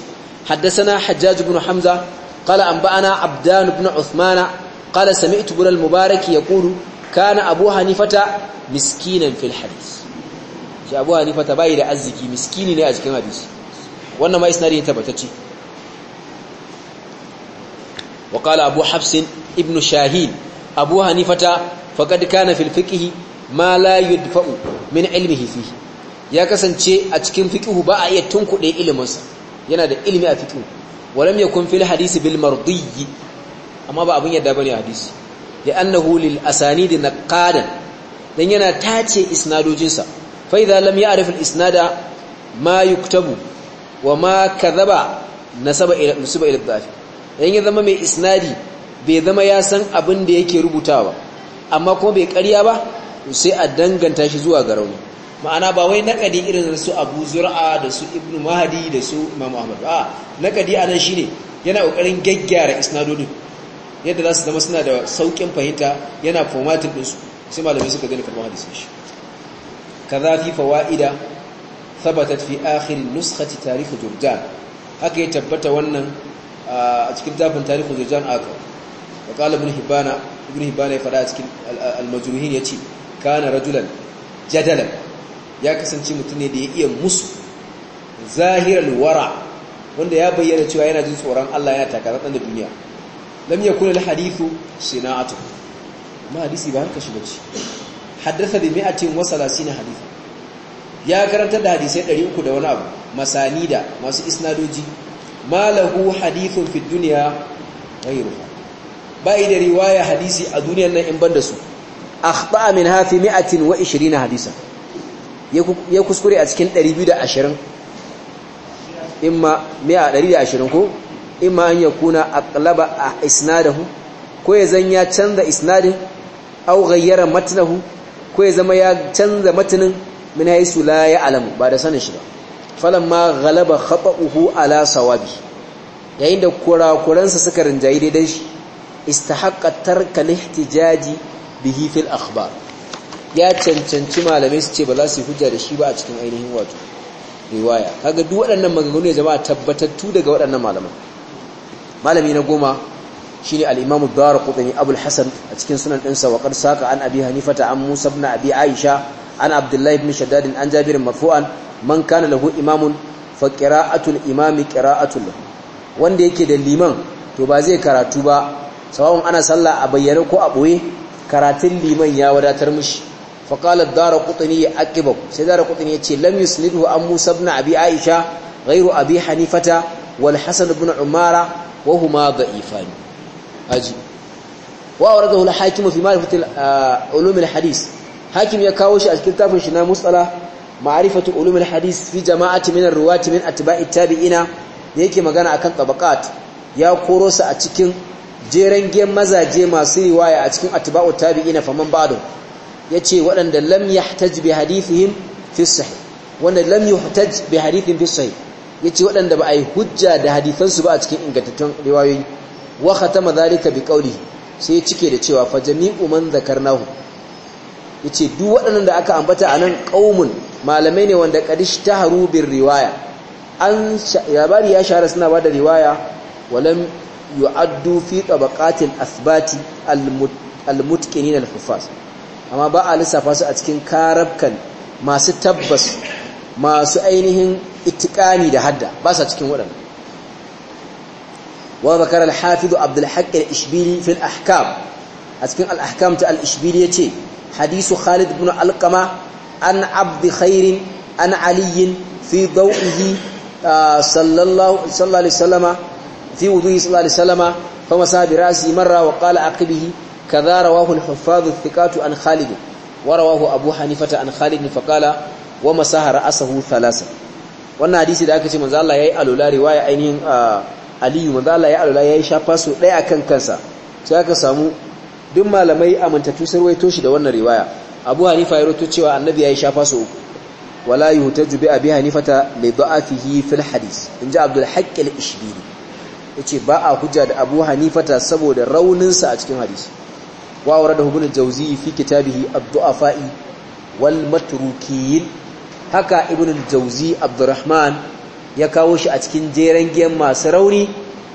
haddathana hajjaj ibn hamza qala anba'ana abdan ibn uthman qala sami'tu ibn al-mubarak yaqulu kana abu hanifata miskinan fil hadith shi abu hanifata bai da arziki miskini ne a cikin hadisi wannan ma isnadi ne tabbatacce wa abu hafsin ibn shahin abu hanifata faqad kana fil fiqh ma min ilmihi fihi ya kasance a cikin fiqh ba a iya tunkuɗe iliminsa yana da ilimi a fiqh walam yakun fil hadisi bil mardiy amma ba abun yadda bane hadisi li annahu lil asanid naqadan dan yana tace isnadojinsa fa idza lam ya'rif al isnada ma yuktabu wa ma kadhaba nasaba ila nusiba ila dan ya zama mai isnadi bai zama ya san abin da yake rubutawa amma kuma bai karya ba sai a danganta shi zuwa ga rauni ma'ana ba wai naƙadi irin su abu zur'a da su ibn mahadi da su imam ahmad a nan anan ne yana ƙoƙarin gaggyara isnadodin yadda za su zama suna da sauƙin fahimta yana formatin ɗinsu sai malamai suka gani karɓar hadisi shi kaza fi fawaida thabatat fi akhirin nuskati tarihi jordan haka ya tabbata wannan a cikin tafin tarihu zurjan aka wa qala ibn hibana hibana ya fada a cikin al-majruhin yace kana rajulan jadalan ya kasance mutum ne da ya iya musu zahiral wara wanda ya bayyana cewa yana jin tsoron Allah ya taka takaratsan da duniya lam yakun al-hadithu sina'atu amma hadisi ba harka shi ba ce. bace haddatha bi mi'atin wa salasina haditha ya karanta da hadisai 300 da wani abu masanida masu isnadoji lahu hadithun fi duniya ghayruha bai da riwaya hadisi a duniyar nan in banda su akhta min ha fi 120 hadisa ya kuskure a cikin 220 imma 120 ko imma an yakuna aqlaba isnadahu ko ya zan canza isnadin aw ghayyara matnahu ko ya zama ya canza matanin min haythu la ya'lamu ba da sanin shi ba falamma ghalaba uhu ala sawabi yayin da kurakuransa suka rinjayi daidan shi istahaqqa tarka lihtijaji bihi fil akhbar ya cancanci malamai su ce ba za su yi hujja da shi ba a cikin ainihin wato riwaya kaga duk waɗannan maganganu ne jama'a tabbatattu daga waɗannan malaman malami na goma shine al-imamu bara darqutni abul hasan a cikin sunan ɗinsa wa qad saqa an abi hanifata an musa ibn abi aisha an abdullahi ibn shaddad an jabir marfu'an man kana lahu imamun fa qira'atul imami qira'atul wanda yake da liman to ba zai karatu ba sawon ana sallah a bayyane ko a boye karatun liman ya wadatar mishi fa qala ad-darqutni aqibahu sai darqutni yace lam yuslidu an musa ibn abi aisha ghayru abi hanifata wal hasan ibn umara wa huma da'ifan aji wa waradahu al-hakim fi ma'rifati uh, ulum al-hadith hakim ya kawo shi a cikin tafin shi na musala ma'rifatu ulumul hadis fi jama'ati min ar-ruwati min atba'i tabi'ina da yake magana akan tabaqat ya koro a cikin jeren gen mazaje masu riwaya a cikin atba'u tabi'ina faman ba'du yace waɗanda lam yahtaj bi hadithihim fi wanda lam yuhtaj bi hadithihim fi sahih yace waɗanda ba a yi hujja da hadisansu ba a cikin ingantattun riwayoyi wa khatama dhalika bi qawlihi sai cike da cewa fa jami'u man zakarnahu yace duk waɗannan da aka ambata anan qaumun malamai ne wanda kadish haru bin riwaya an labari ya shahara suna da riwaya walam yu'addu fi tabaqatil asbati almutqinin alhufaz amma ba a lissafa su a cikin karabkan masu tabbas masu ainihin itikani da hadda ba sa cikin waɗannan wa zakara al abdul haqq fi a cikin alahkam ta al yace hadisu khalid ibn alqama an abdi khairin an aliyin fi dau'ihi ah, sallallahu alaihi wasallama fi wuduhi sallallahu alaihi wasallama fa masa bi ra'si marra wa qala aqibihi kadha rawahu al-huffaz thiqatu an khalid wa rawahu abu hanifata an khalid fa qala wa masaha ra'sahu thalasa wannan hadisi da aka ce manzo Allah yayi alula riwaya ainihin ah, aliyu manzo Allah ya alula yayi shafa su daya kan kansa sai aka samu duk malamai amintattu sai ruwaito shi da wannan riwaya abu hanifa ya roto cewa annabi ya yi shafa su uku wala yi hutar jube abi hanifata mai da'afihi fil hadis in ji abdul haƙƙil ishbiri ya ce ba a hujja da abu hanifata saboda rauninsa a cikin hadisi wawar da hukunin jauzi fi kitabihi abdu'afa'i wal matrukiyin haka ibn jauzi abdurrahman ya kawo shi a cikin jeren giyan masu rauni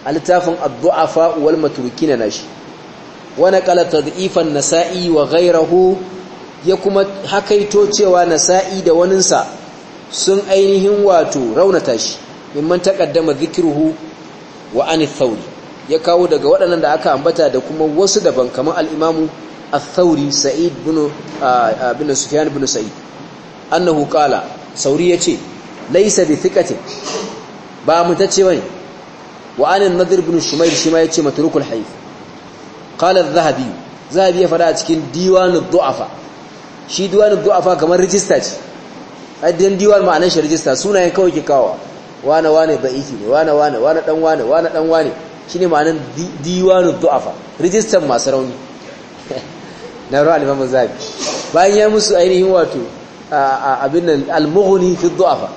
a littafin abdu'afa wal matrukina nashi wani kala tad'ifan nasa'i wa gairahu ya kuma hakaito cewa nasa'i da waninsa sun ainihin wato raunata shi mimman taqaddama dhikruhu wa an ya kawo daga waɗannan da aka ambata da kuma wasu daban kamar al'imamu a sa'id bin bin sa'id annahu qala sauri ya yace laisa bi thiqatin ba ce bane wa an an bin shumayr shi ma yace matrukul hayf qala adh-dhahabi zahabi ya fara a cikin diwanul du'afa shi diwanin du'afa kamar rijista ce hadin diwan ma'anar shi rijista sunayen kawai ke kawo wane wane da'ifi ne wane wane wane dan wane wane dan wane shine ma'anar diwanin du'afa rijistan masu rauni na ruwa al zabi bayan ya musu ainihin wato abin nan al fi du'afa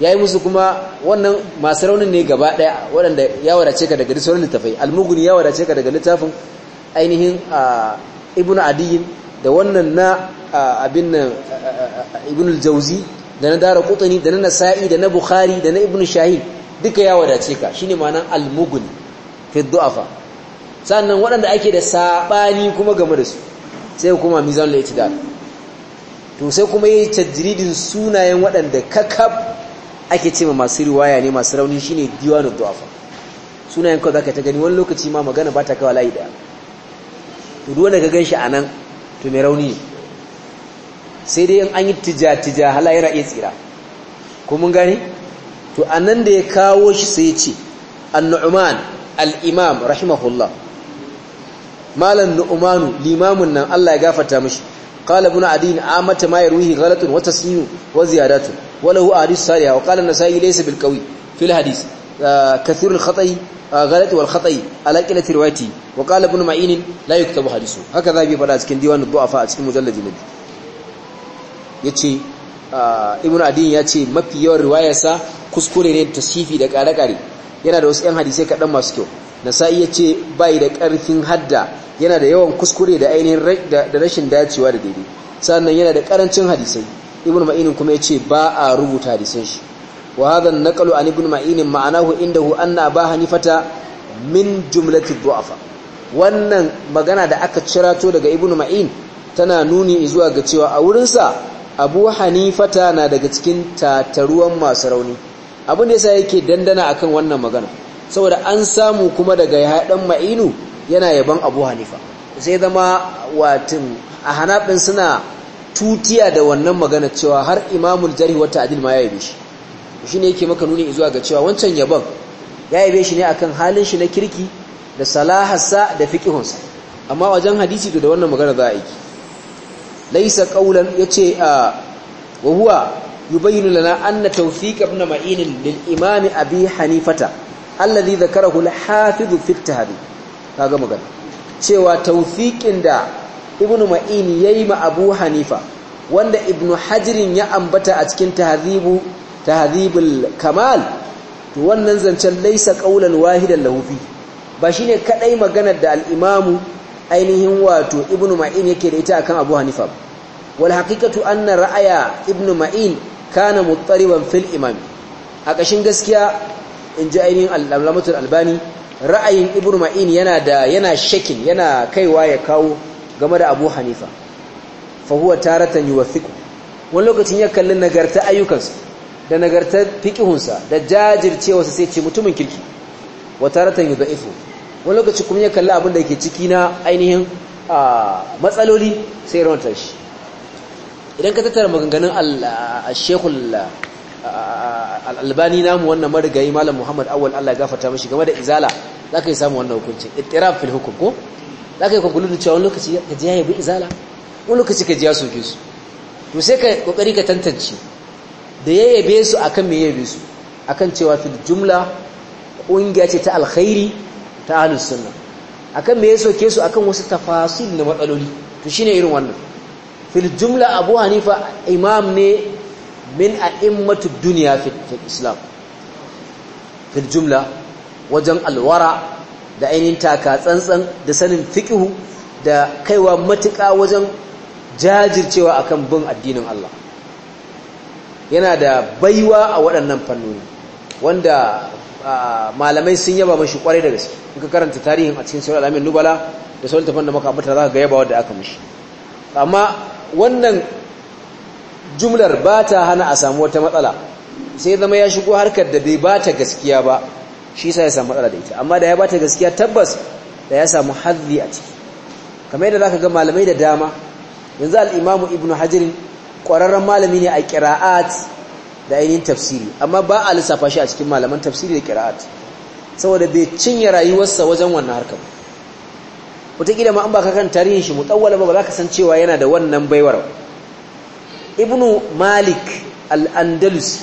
yi musu kuma wannan masu raunin ne gaba daya waɗanda ya wadace ka daga sauran littafai ya wadace ka daga littafin ainihin ibnu adiyin da wannan na abin nan ibn al-jawzi da na dara qutni da na nasa'i da na bukhari da na ibn shahin duka ya wadace ka shine ma'anan al-mughni fi du'afa sannan waɗanda ake da sabani kuma game da su sai kuma mizanul itidal to sai kuma yayi tajridin sunayen waɗanda kakab ake cewa masu riwaya ne masu rauni shine diwanu du'afa sunayen ka zaka ta gani wani lokaci ma magana ba ta kawai layi daya to duk wanda ka ganshi anan to mai rauni sai dai in an yi tija-tija hala iya tsira kuma gani to a nan da ya kawo shi sai ce annu'uman al'imam rahimahullah malam nu'umanu limamin nan Allah ya gafata mashi qala ibn adin amata ma yarwihi ghalatun wa tasniyu wa ziyadatun wa lahu ahadith sariha wa qala nasai laysa bil fil hadis kathir al غلط والخطأ على قلة روايته وقال ابن معين لا يكتب حديثه هكذا بي فدا cikin diwan du'afa a cikin mujalladi nabi yace ibn adin yace mafi yawan riwayarsa kuskure ne tasifi da kare-kare yana da wasu yan hadisai kaɗan masu kyau nasa'i yace bai da karfin hadda yana da yawan kuskure da ainihin da rashin dacewa da daidai sannan yana da karancin hadisai ibn ma'inin kuma yace ba a rubuta hadisan shi وهذا النقل عن ابن معين معناه عنده أن أبا حنيفة من جملة الضعفاء wannan magana da aka cirato daga ibnu ma'in tana nuni zuwa ga cewa a wurinsa abu hanifata na daga cikin tataruwan masu rauni abin da yasa yake dandana akan wannan magana saboda an samu kuma daga yaɗan ma'inu yana yaban abu hanifa sai zama watin a hanafin suna tutiya da wannan magana cewa har imamul jarhi wata adil ma ya shi ne yake maka nuni zuwa ga cewa wancan yabon ya yabe shi ne akan halin shi na kirki da salahasa da fiqihunsa amma wajen hadisi to da wannan magana za a yi laysa qawlan yace a wa huwa yubayyinu lana anna tawfiq ibn ma'in lil imam abi hanifata alladhi dhakarahu al hafiz fi ka kaga magana cewa tawfiqin da ibn ma'in yayi ma abu hanifa wanda ibn hajirin ya ambata a cikin tahzibu tahdhibul kamal to wannan zancen laisa ƙaulan wahidan lahu fi ba shine kadai maganar da al-imamu ainihin wato ibnu ma'in yake da ita akan abu hanifa wal haqiqatu anna ra'aya ibnu ma'in kana muttariban fil imam a kashin gaskiya inji ainihin al-alamatul albani ra'ayin ibnu ma'in yana da yana shakin yana kaiwa ya kawo game da abu hanifa fa huwa taratan yuwathiqu wani lokacin ya kalli nagarta ayyukansu. da nagartar fiqihunsa da jajircewarsa sai ce mutumin kirki wa taratan yudaifu wani lokaci kuma ya kalli abin da yake ciki na ainihin matsaloli sai rawantar shi idan ka tattara maganganun al-shekul albani namu wannan marigayi malam muhammad awal allah ya gafarta mashi game da izala za ka yi samun wannan hukuncin ittirab fil hukum ko za ka yi kwakwulu da cewa wani lokaci ka ji ya yabi izala wani lokaci ka ji ya soke su to sai ka kokari ka tantance da ya yabe su akan me yabe su akan cewa fil jumla ce ta alkhairi ta ahlus sunna akan me ya soke su akan wasu tafasil na matsaloli to shine irin wannan fil jumla abu hanifa imam ne min a'immatu duniya fi islam fil jumla wajen alwara da ainihin taka tsantsan da sanin fiqhu da kaiwa matuƙa wajen jajircewa akan bin addinin Allah yana da baiwa a waɗannan fannoni wanda malamai sun yaba mashi ƙwarai da gaske in ka karanta tarihin a cikin sauran alamin nubala da sauran tafan da maka ambata za ka ga yaba wadda aka mashi amma wannan jumlar ba ta hana a samu wata matsala sai zama ya shigo harkar da bai ba ta gaskiya ba shi sa ya samu matsala da ita amma da ya ba ta gaskiya tabbas da ya samu hazzi a ciki kamar yadda za ka ga malamai da dama yanzu al'imamu ibnu hajirin ƙwararren malami ne a ƙira'at da ainihin tafsiri amma ba a lissafa shi a cikin malaman tafsiri da ƙira'at saboda bai cinye rayuwarsa wajen wannan harkar wataƙila ma an ba ka kan tarihin shi mutawala ba ba za ka san cewa yana da wannan baiwar ibnu malik al-andalus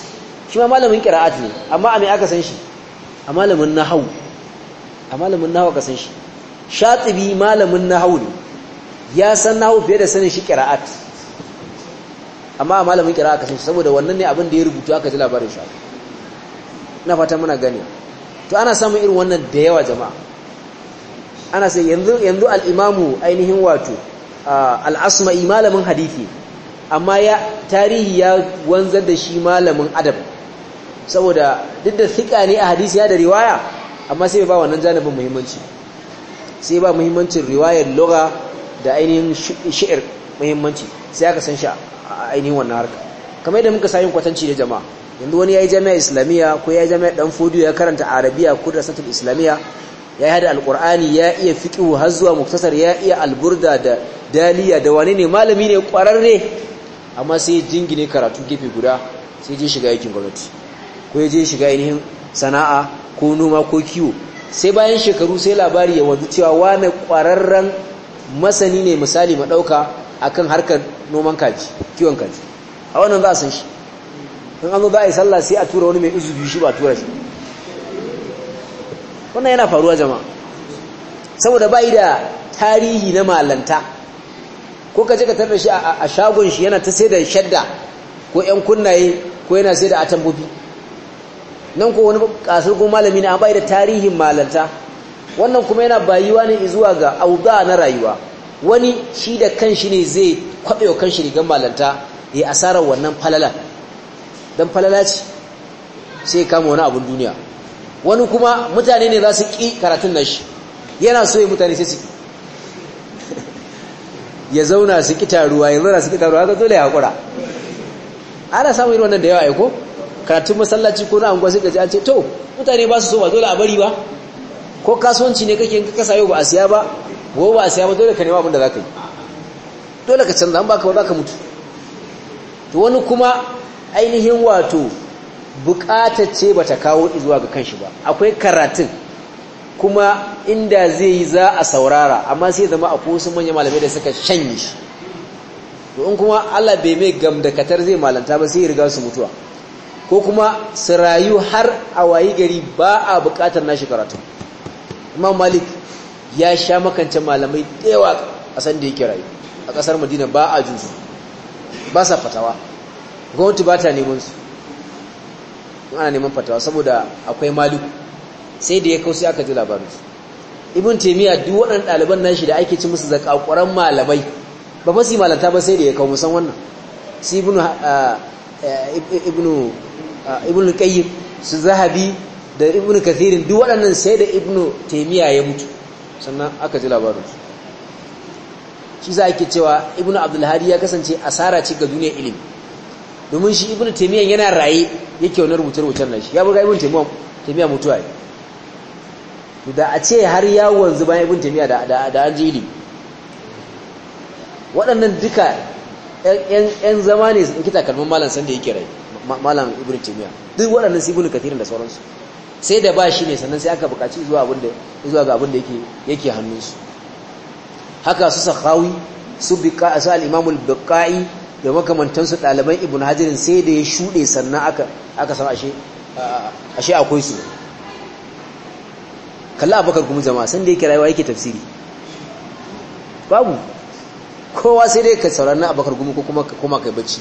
shi ma malamin ƙira'at ne amma a me aka san shi a malamin nahau. a malamin nahau ka san shi shatibi malamin nahau ne ya san nahau fiye da sanin shi ƙira'at amma malamin kira aka san shi saboda wannan ne abin da ya rubutu aka ji labarin shi na fata muna gani to ana samun irin wannan da yawa jama'a ana sai yanzu yanzu al-imamu ainihin wato al-asma'i malamin hadisi amma ya tarihi ya wanzar da shi malamin adab saboda duk da fika ne a hadisi ya da riwaya amma sai ba wannan janibin muhimmanci sai ba muhimmancin riwayar lugha da ainihin shi'ir muhimmanci sai aka san shi a ainihin wannan harka kamar yadda muka sayin kwatanci da jama'a yanzu wani ya yi jami'a islamiyya ko ya yi jami'a dan fodiyo ya karanta arabiya ko da rasatul islamiyya ya hada alqur'ani ya iya fiqhu har zuwa muktasar ya iya alburda da daliya da wani ne malami ne kwararre amma sai jingine karatu gefe guda sai je shiga aikin gwamnati ko ya je shiga ainihin sana'a ko noma ko kiwo sai bayan shekaru sai labari ya wanzu cewa wani kwararren masani ne misali madauka akan harkar noman kaji kiwon kaji a wannan za a san shi in an zo za a yi sallah sai a tura wani mai izu biyu shi ba tura shi wannan yana faruwa jama'a saboda bai da tarihi na malanta ko ka ce ka tarda shi a shagon shi yana ta sai da shadda ko yan kunnaye ko yana sai da atambobi nan ko wani kasar ko malami na bai da tarihin malanta wannan kuma yana bayuwa ne zuwa ga auda na rayuwa wani shi da kanshi ne zai kwaɓe wa kanshi rigar malanta ya asarar wannan falala don falala ce sai kama wani abin duniya wani kuma mutane ne za su ƙi karatun shi yana so ya mutane sai su ƙi ya zauna su ƙi taruwa ya zauna su ƙi taruwa ga dole ya haƙura ana samun yi wannan da yawa ko karatun masallaci ko na anguwa sai an ce to mutane ba su so ba dole a bari ba ko kasuwanci ne kake in ka kasa yau ba a siya ba gobe a saya ba dole ka nema abin da za ka yi dole ka canza an baka ba za ka mutu to wani kuma ainihin wato bukatar ce ba kawo izuwa ga kanshi ba akwai karatun kuma inda zai yi za a saurara amma sai zama a kusa manya malamai da suka shanye shi to in kuma Allah bai mai gamdakatar zai malanta ba sai riga su mutuwa ko kuma su rayu har a wayi gari ba a bukatar nashi karatu imam malik ya sha makance malamai da yawa a san da yake rayu a kasar madina ba a jinsu ba sa fatawa gwamnati ba ta neman su ana neman fatawa saboda akwai maliku sai da ya kawo sai aka ji labarin su Ibin taymiya duk waɗannan ɗaliban shi da ake ci musu zakakuran malamai ba fa su malanta ba sai da ya kawo musan wannan su Ibin ibn uh, uh, uh, su zahabi da Ibin kathirin duk waɗannan sai da Ibin taimiyya ya mutu sannan aka ji su shi za ake cewa ibn abdulhadi ya kasance asara ci ga duniya ilimi domin shi ibn taimiyan yana raye yake wani rubuce-rubucen nashi ya buga ibn taimiyan mutuwa ne da a ce har ya wanzu bayan ibnu taimiyan da an ji ilimi waɗannan duka ‘yan zama ne in kita kalmar malam sanda yake raye malam ibn taimiyan duk waɗannan su ibnu katirin da sauransu sai da ba shi ne sannan sai aka buƙaci zuwa abin da zuwa ga abin da yake yake hannunsu haka su sakhawi su biqa a sa’al imamul buqai da makamantansu ɗaliban ibn hajjirin sai da ya shuɗe sannan aka sama san ashe akwai su kalla abokan kuma jama'a sun da yake rayuwa yake tafsiri babu kowa sai dai ka saurari na abakar kuma ko kuma kai bacci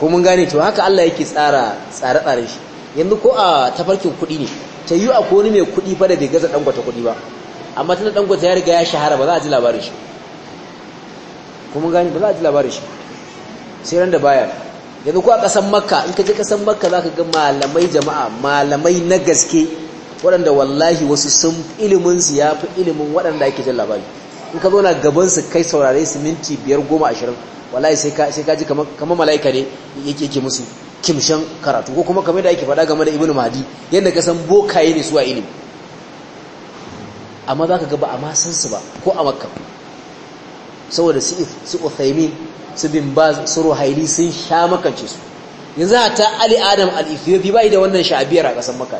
ko mun gane to haka Allah yake tsara tsare tsare shi yanzu ko a tafarkin kuɗi ne ta yi a koni mai kuɗi fa da bai gaza dangwata kuɗi ba amma tana dangwata ya riga ya shahara ba za a ji labarin shi ko mun gane ba za a ji labarin shi sai ran da baya yanzu ko a ƙasar makka in ka je ƙasar makka za ka ga malamai jama'a malamai na gaske waɗanda wallahi wasu sun ilimin su ya fi ilimin waɗanda ake jin labari in ka zo na gaban su kai saurare su minti biyar goma ashirin wallahi sai ka sai ka ji kamar kamar malaika ne yake yake musu kimshan karatu ko kuma kamar da yake faɗa game da ibnu mahdi yanda ka san bokaye ne su a ilimi amma zaka ga ba a ma san su ba ko a makka saboda su su uthaymin su bin baz su ruhaili sun sha makance su yanzu ta ali adam al ethiopia bai da wannan sha'abiyar a kasan makka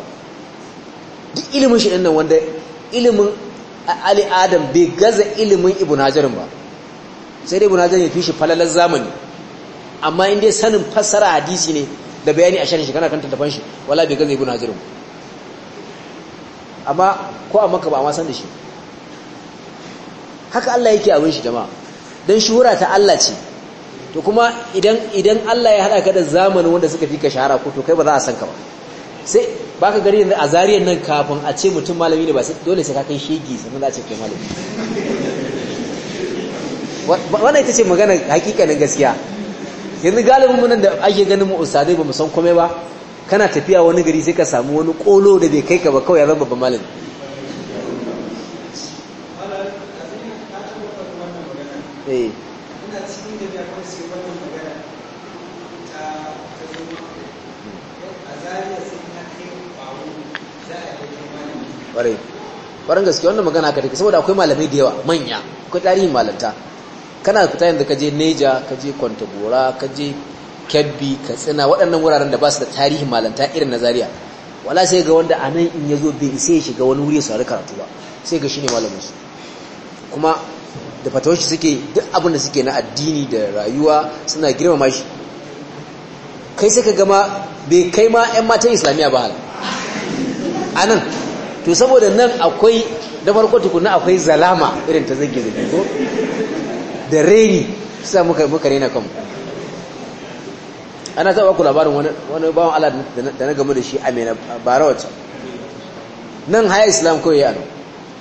duk ilimin shi dinnan wanda ilimin ali adam bai gaza ilimin ibnu hajarin ba sai dai bunajan ya fi shi falalar zamani amma in dai sanin fassara hadisi ne da bayani a sharhi kana kanta da fanshi wala bai gaza ibn hajar amma ko a maka ba amma san da shi haka Allah yake abin shi jama'a dan shuhura ta Allah ce to kuma idan idan Allah ya hada ka da zamanin wanda suka fi ka shahara ko to kai ba za a san ka ba sai baka gari yanzu a zariyar nan kafin a ce mutum malami ne ba sai dole sai ka kai shege sannan za a ce kai malami wannan ita ce magana hakikanin gaskiya yanzu galibin munan da ake ganin mu usadai ba mu san komai ba kana tafiya wani gari sai ka samu wani kolo da bai kai ka ba kawai ya zama babban malami eh ƙwarai ƙwarar gaske wannan magana ka take saboda akwai malamai da yawa manya akwai tarihin malanta kana fita yanzu ka je neja ka je kwantagora ka je kebbi katsina waɗannan wuraren da ba su da tarihin malanta irin na Zariya wala sai ga wanda a nan in ya zo bai sai ya shiga wani wuri ya sauri karatu ba sai ga shi ne su. kuma da fatawar suke duk abin da suke na addini da rayuwa suna girmama shi kai sai ka gama bai kai ma 'yan matan islamiyya ba hala a nan to saboda nan akwai da farko tukuna akwai zalama irin ta zage zage ko da reni sa muka muka rena kanmu ana taba ku labarin wani wani bawan Allah da na gamu da shi a mena barawata nan haya islam kawai ya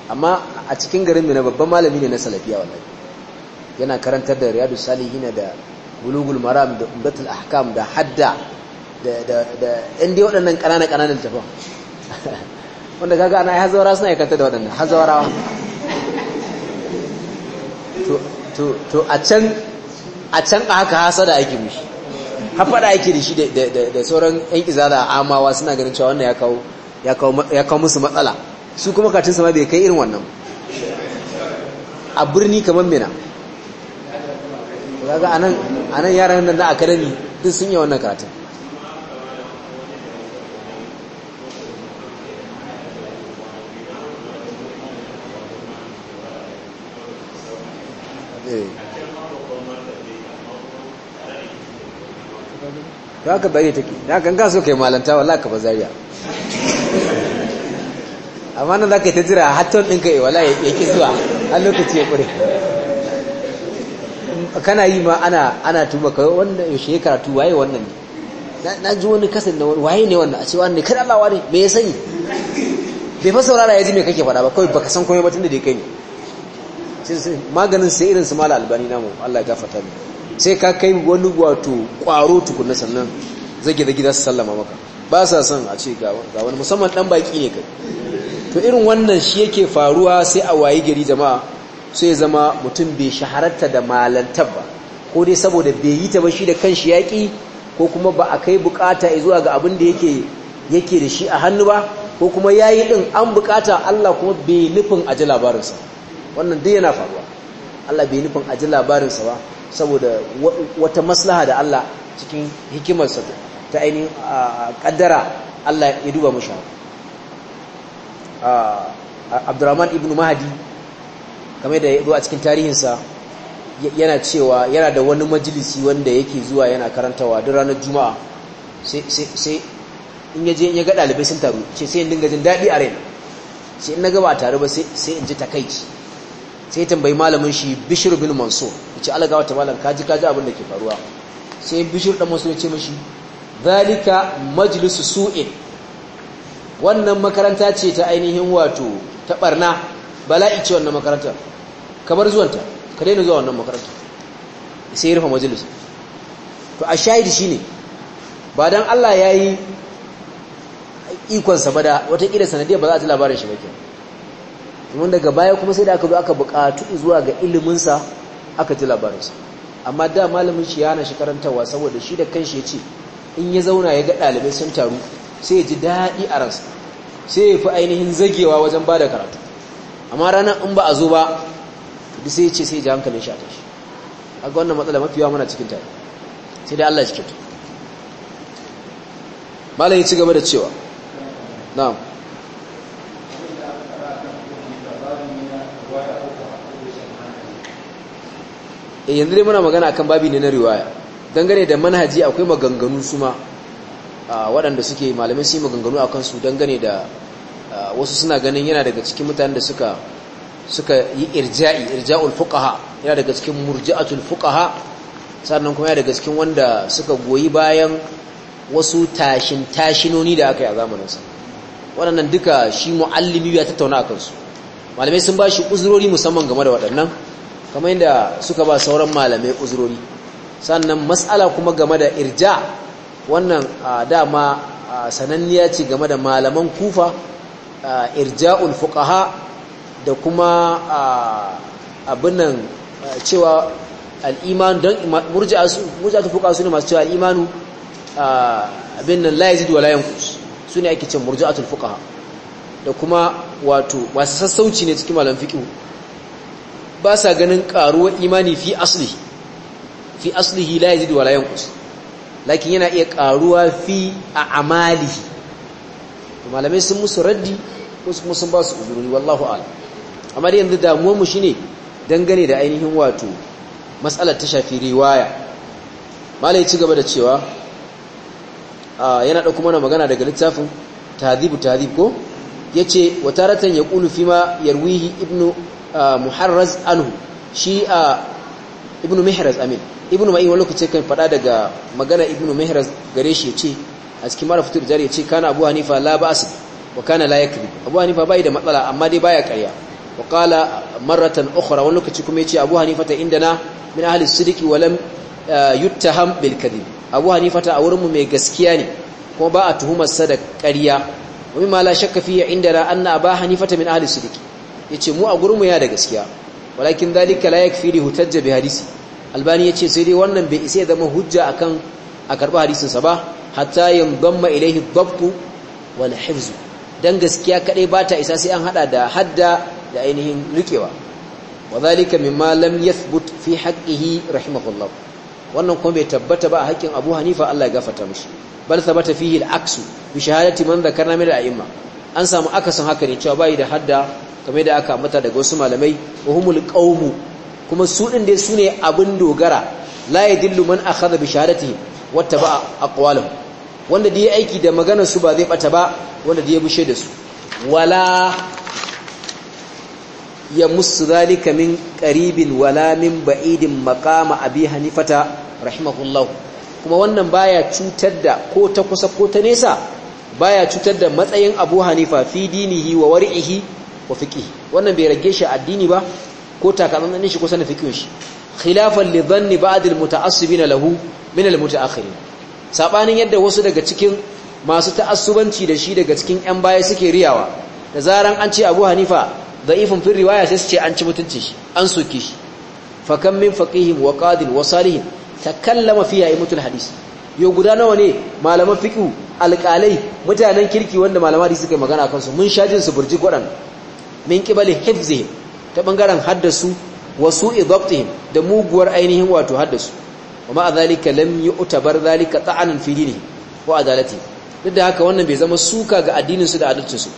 amma a cikin garin Mena babban malami ne na salafiya wallahi yana karantar da riyadus salihin da bulugul maram da Umbatul ahkam da hadda da da da inda waɗannan ƙanana ƙananan tafan wanda kaga ana hazawara suna aikata da waɗannan hazawarawa to a can a can a haka hasada ake mishi hafada ake da shi da sauran yan a amawa suna ganin cewa wannan ya kawo musu matsala su kuma katin sama bai kai irin wannan a birni kamar mina kaga anan anan yaran nan da akadami duk sun yi wannan karatun to haka zariya take na kan ka so kai malanta wallahi ka bazariya amma nan za ka ta jira hatton din kai wallahi ya ƙi zuwa a lokaci ya kure kana yi ma ana ana tuba kai wanda yaushe ya karatu waye wannan ne na ji wani kasan da waye ne wannan a ce wani kada Allah wani me ya sani bai fa saurara ya ji me kake faɗa ba kai baka san komai ba tunda dai kai ne maganin sai irin su mala albani namu Allah ya gafarta mu sai ka kai wani wato ƙwaro tukuna sannan zage da gidan su sallama maka ba sa son a ce ga wani musamman dan baki ne kai to irin wannan shi yake faruwa sai a wayi gari jama'a sai zama mutum bai shahararta da malantar ba ko dai saboda bai yi ta ba shi da kanshi yaƙi ko kuma ba a kai bukata zuwa ga abin da yake da shi a hannu ba ko kuma ya yi din an bukata Allah kuma bai nufin aji labarinsa wannan duk yana faruwa Allah bai nufin aji labarinsa ba saboda wata maslaha da Allah cikin hikimarsa ta ainihin kaddara Allah ya duba mushi Abdurrahman ibn Mahdi kamar da ya zo a cikin tarihinsa yana cewa yana da wani majalisi wanda yake zuwa yana karantawa duk ranar juma'a sai in ya je ya ga ɗalibai sun taru ce sai in dinga jin daɗi a raina sai in na gaba a taru ba sai in ji takaici sai tambayi malamin shi bishir bin mansur ce alaga wata malam kaji kaji abin da ke faruwa sai bishir dan musulmi ce mishi zalika majlisu su'in wannan makaranta ce ta ainihin wato ta barna bala'i ce wannan makaranta kamar zuwanta ka daina zuwa wannan makaranta sai rufe majlis. to a shahidi shine ba dan Allah yayi ikonsa ba da watakila sanadiyar ba za a ji labarin shi ba ke domin daga baya kuma sai da aka zo aka buƙatu zuwa ga iliminsa aka ji labarinsa amma da malamin shi ya hana shi karantarwa saboda shi da kanshi ya ce in ya zauna ya ga ɗalibai sun taru sai ya ji daɗi a ransa sai ya fi ainihin zagewa wajen ba da karatu amma ranar in ba a zo ba duk sai ya ce sai ya ji hankalin shi a tashi a ga wannan matsala mafi yawa muna cikin tare sai dai Allah ya kyautu, malam ya ci gaba da cewa na'am Eh, yanzu dai muna magana akan babi ne na riwaya dangane da manhaji akwai maganganu su ma waɗanda suke malamai su yi maganganu akan su dangane da wasu suna ganin yana daga cikin mutanen da suka suka yi irja'i irja'ul fuqaha yana daga cikin murji'atul fuqaha sannan kuma yana daga cikin wanda suka goyi bayan wasu tashin tashinoni da aka yi a zamanin sa waɗannan duka shi muallimi ya tattauna akan su malamai sun ba shi uzurori musamman game da waɗannan kamar yadda suka ba sauran malamai uzurori sannan matsala kuma game da irja wannan dama sananniya ce game da malaman kufa irja'ul fuqaha da kuma abinan cewa al'iman don murja'atu fuqaha su ne masu cewa al'imanu abin nan la yazid wala yanqus su ne ake cin murja'atu fuqaha da kuma wato masu sassauci ne cikin malamfikin ba sa ganin karuwar imani fi asli fi aslihi la yazid wala kusa lakin yana iya karuwa fi a a'mali malamai sun musu raddi wasu kuma sun ba su uzuri wallahu ala amma da yanzu damuwar mu shine dangane da ainihin wato mas'alar ta shafi riwaya malai ci gaba da cewa yana dauko mana magana daga littafin tazibu tadhib ko ya ce wataratan yaqulu ma yarwihi ibnu muharraz anhu shi a Ibn mihraz amin Ibn ma'in wani lokaci kan daga magana ibnu mihraz gare shi ya ce a cikin mara fitur jari ya ce kana abu hanifa la ba su wa kana la yakri abu hanifa bai da matsala amma dai baya karya wa qala marratan ukhra wani lokaci kuma ya ce abu hanifa ta na min ahli sidiki wa yuttaham bil kadhib abu hanifa ta a wurin mu mai gaskiya ne kuma ba a tuhumar sa da karya wa mimma la shakka fihi indana anna abu hanifa ta min ahli sidiki yace mu a gurin mu ya da gaskiya walakin dalika la yakfi li hutajja bi hadisi albani yace sai dai wannan bai isa zama hujja akan a karba hadisin sa ba hatta yamdamma ilayhi dabtu wal hifz dan gaskiya kadai ba ta isa sai an hada da hadda da ainihin rikewa wadhalika mimma lam yathbut fi haqqihi rahimahullah wannan kuma bai tabbata ba a haƙin Abu Hanifa Allah ya gafarta mishi bal thabata fihi al-aksu bi shahadati man dhakarna min al-a'imma an samu akasin haka ne cewa bai da hadda kamar da aka mata daga wasu malamai wahumul qaumu kuma su din dai sune abin dogara la yadillu man akhadha bi shahadatihi wattaba aqwalahu wanda dai aiki da maganar su ba zai bata ba wanda dai ya bushe da su wala ya musu zalika min qaribin wala min ba'idin maqama abi hanifata rahimahullahu kuma wannan baya cutar da ko ta kusa ko ta nesa baya cutar da matsayin abu hanifa fi dinihi wa war'ihi wa fiqh wannan bai rage shi addini ba ko takamannin shi ko sanin fiqhin shi khilafan li dhanni ba'd al muta'assibin lahu min al mutaakhirin sabanin yadda wasu daga cikin masu ta'assubanci da shi daga cikin yan baya suke riyawa da zaran an ce Abu Hanifa za'ifin fi riwaya sai su ce an ci mutunci shi an soke shi fa kam min faqihim wa qadin wa salihin takallama fiya hadisi yau guda nawa ne malaman fiqh alƙalai mutanen kirki wanda malama da suka magana kansu mun shajin su burji waɗannan min qibali hifzihim ta bangaren haddasu wa su'i da muguwar ainihin wato haddasu wa ma zalika lam yu'tabar zalika ta'anan fi dinihi wa adalati duk da haka wannan bai zama suka ga addinin su da adalcin su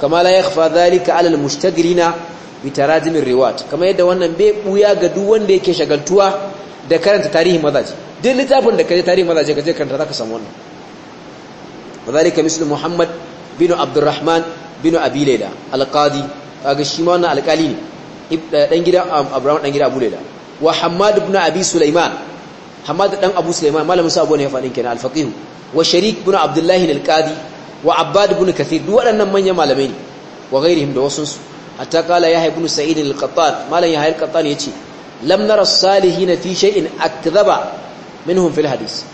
kama la yakhfa zalika 'ala al-mushtagilina bi riwat kama yadda wannan bai buya ga duk wanda yake shagaltuwa da karanta tarihin mazaji duk littafin da kaje tarihin mazaji kaje karanta zaka samu wannan wa zalika muhammad bin abdurrahman bin abi layla al-qadi kaga shi ma wannan alƙali ne dan eh, gidan um, Abraham dan gidan Abu Laila wa Hammad ibn Abi Sulaiman Hammad ɗan Abu Sulaiman malamin sa Abu ne fadin kenan al-faqih wa Sharik ibn Abdullah al-Qadi wa Abbad ibn Kathir duk waɗannan manyan malamai ne wa ghairihim da wasu hatta kala Yahya ibn Sa'id al-Qattan malam Yahya al-Qattan yace lam nara salihin fi shay'in akdhaba minhum fil hadith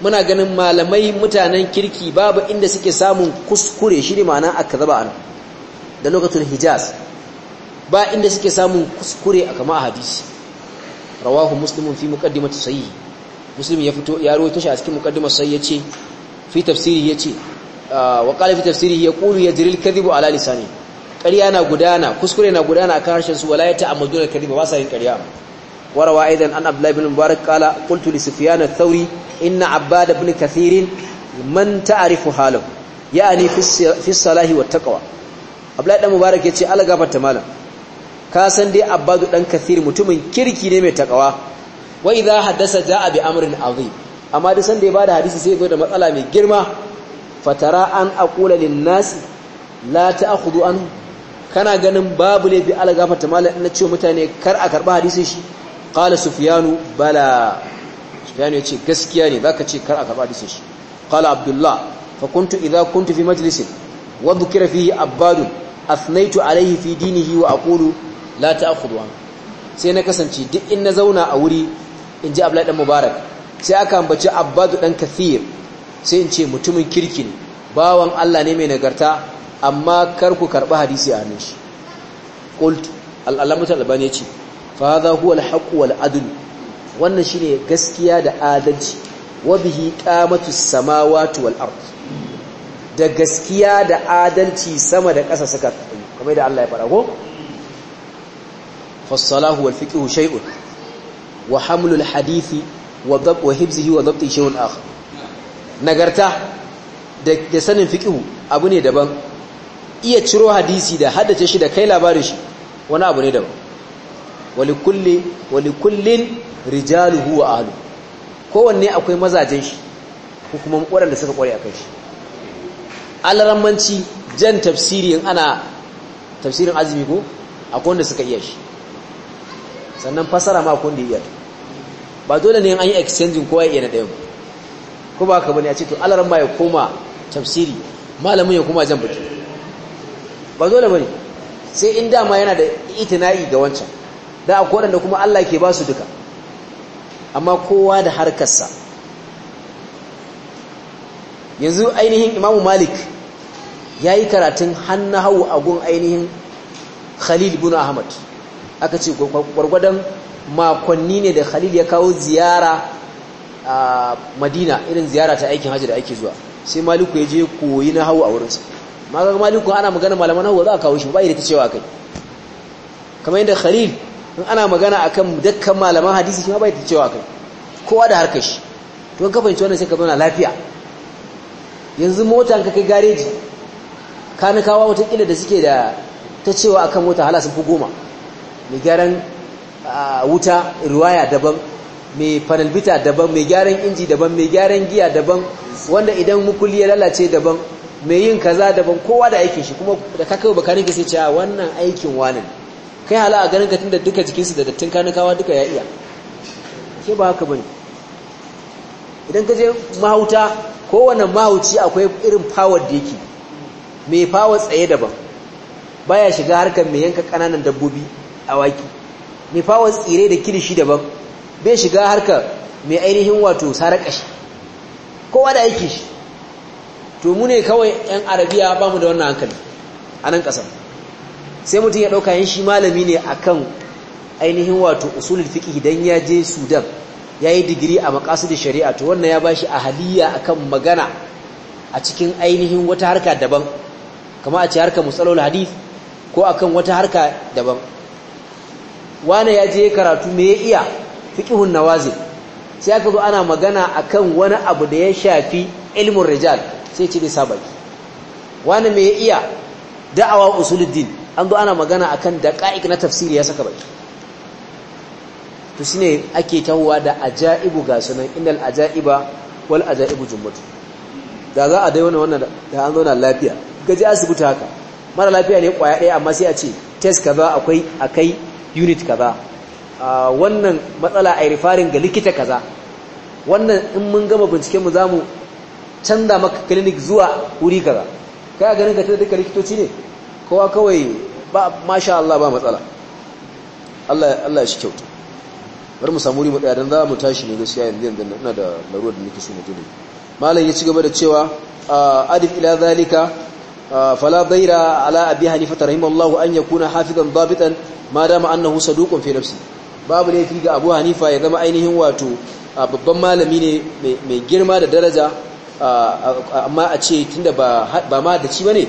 muna ganin malamai mutanen kirki babu inda suke samun kuskure shi ne ma'ana akzaba an da lokacin hijaz ba inda suke samun kuskure a kama a hadisi rawahu muslimun fi muqaddimati sahih muslim ya fito ya rawaito shi a cikin muqaddimar sahih yace fi tafsiri yace ah, wa qala fi tafsiri yaqulu yajri al-kadhibu ala lisani ƙarya na gudana kuskure na gudana a kan harshen su wala yata'ammadu al-kadhiba ba sa yin ƙarya وروى أيضا أن عبد الله بن مبارك قال قلت لسفيان الثوري إن عباد بن كثير من تعرف حاله يعني في الصلاة والتقوى abdullahi dan mubarak ya ce Allah gafarta malam ka san dai abbadu dan kathir mutumin kirki ne mai takawa wa idha haddasa jaa bi amrin azim amma duk san dai ya bada hadisi sai zo da matsala mai girma fatara an aqula lin nas la ta'khudhu an kana ganin babu ne bi Allah gafarta malam ina ce mutane kar a karba hadisin shi qala sufyanu bala sufyanu yace gaskiya ne zaka ce kar a karba hadisin shi qala abdullah fa kuntu idha kuntu fi majlisin wa dhukira fihi abbadun asnaitu alaihi fi dinihi wa aqulu la sai na kasance duk in na zauna a wuri in ji abla dan Mubarak sai aka ambaci Abbadu dan Kathir sai in ce mutumin kirki ne bawan Allah ne mai nagarta amma kar ku karba hadisi a hannun shi qult al-alamu al-albani yace fa hadha huwa al-haqq wal-adl wannan shine gaskiya da adalci wa bihi qamatu as-samawati wal-ardh da gaskiya da adalci sama da ƙasa suka kamar da Allah ya fara ko fassalahu wal fiqhu shay'un wa hamlul hadithi wa dhab wa hibzihi wa dhabt shay'un akhar nagarta da sanin fiqhu abu ne daban iya ciro hadisi da haddace shi da kai labarin shi wani abu ne daban walikulli walikullin rijaluhu wa ahlu kowanne akwai mazajen shi ko kuma waɗanda suka kware akan shi alramanci jan tafsiri in ana tafsirin azumi ko akwai wanda suka iya shi sannan fasara ma akwai wanda iya ba dole ne an yi exchanging kowa iya na ɗaya ba ko ba ka bane a ce to alramma ya koma tafsiri malamin ya koma jan baki ba dole bane sai in dama yana da itina'i ga wancan da akwai wanda kuma Allah ke ba su duka amma kowa da harkarsa yanzu ainihin imamu malik ya yi karatun hannu hau a gun ainihin khalil bin ahmad aka ce gwargwadon makonni ne da khalil ya kawo ziyara a madina irin ziyara ta aikin hajji da ake zuwa sai maliku ya je koyi na hau a wurinsa magar maliku ana magana malaman hau za a kawo shi ba da ta cewa kai kamar yadda khalil in ana magana a kan dukkan malaman hadisi shi ma ba da ta cewa kai kowa da harkar shi to kafin fahimci wannan sai ka zauna lafiya yanzu motan ka kai gareji kanikawa watakila da suke da ta cewa akan wuta hala sun fi goma mai gyaran wuta ruwaya daban mai fanalbita daban mai gyaran inji daban mai gyaran giya daban wanda idan mukulli ya lalace daban mai yin kaza daban kowa da aikin shi kuma da ka kawo bakanin ka sai cewa wannan aikin wani kai hala a ganin ka tunda duka jikinsu da dattin kanikawa duka ya iya ke ba haka bane idan ka je mahauta kowane mahauci akwai irin power da yake mai fawa tsaye daban baya shiga harkar mai yanka kananan dabbobi a waki mai fawa tsire da kilishi daban bai shiga harkar mai ainihin wato sarar kowa da yake shi to mu ne kawai yan arabiya ba mu da wannan hankali a nan kasar sai mutum ya ɗauka yan shi malami ne a kan ainihin wato usulul fiƙi don ya je Sudan ya yi digiri a makasu da shari'a to wannan ya ba bashi ahaliya kan magana a cikin ainihin wata harka daban kama a ce harka musalol hadith ko akan wata harka daban wane ya je karatu me ya iya fiqhun nawazil sai aka zo ana magana akan wani abu da ya shafi ilmin rijal sai ci bai sabaki wani me ya iya da'awa usuluddin an zo ana magana akan daqa'iq na tafsiri ya saka baki to shine ake tahowa da ajaibu ga sunan innal ajaiba wal ajaibu jumlatu da za a dai wannan wannan da an zo na lafiya gaji asibiti haka mara lafiya ne kwaya ɗaya amma sai a ce test kaza akwai akai unit kaza wannan matsala a rifarin ga likita kaza wannan in mun gama binciken mu zamu canza maka clinic zuwa wuri kaza kai ganin ka ta duka likitoci ne kowa kawai ba masha Allah ba matsala Allah Allah shi kyauta bari mu samu rimu daya dan za mu tashi ne gaskiya yanzu yanzu ina da laruwar da nake so mu malam ya ci gaba da cewa adif ila zalika فلا ضير على أبي حنيفة رحمه الله أن يكون حافظا ضابطا ما دام أنه صدوق في نفسه babu laifi ga abu hanifa ya zama ainihin wato babban malami ne mai girma da daraja amma a ce tunda ba ma da ci ba ne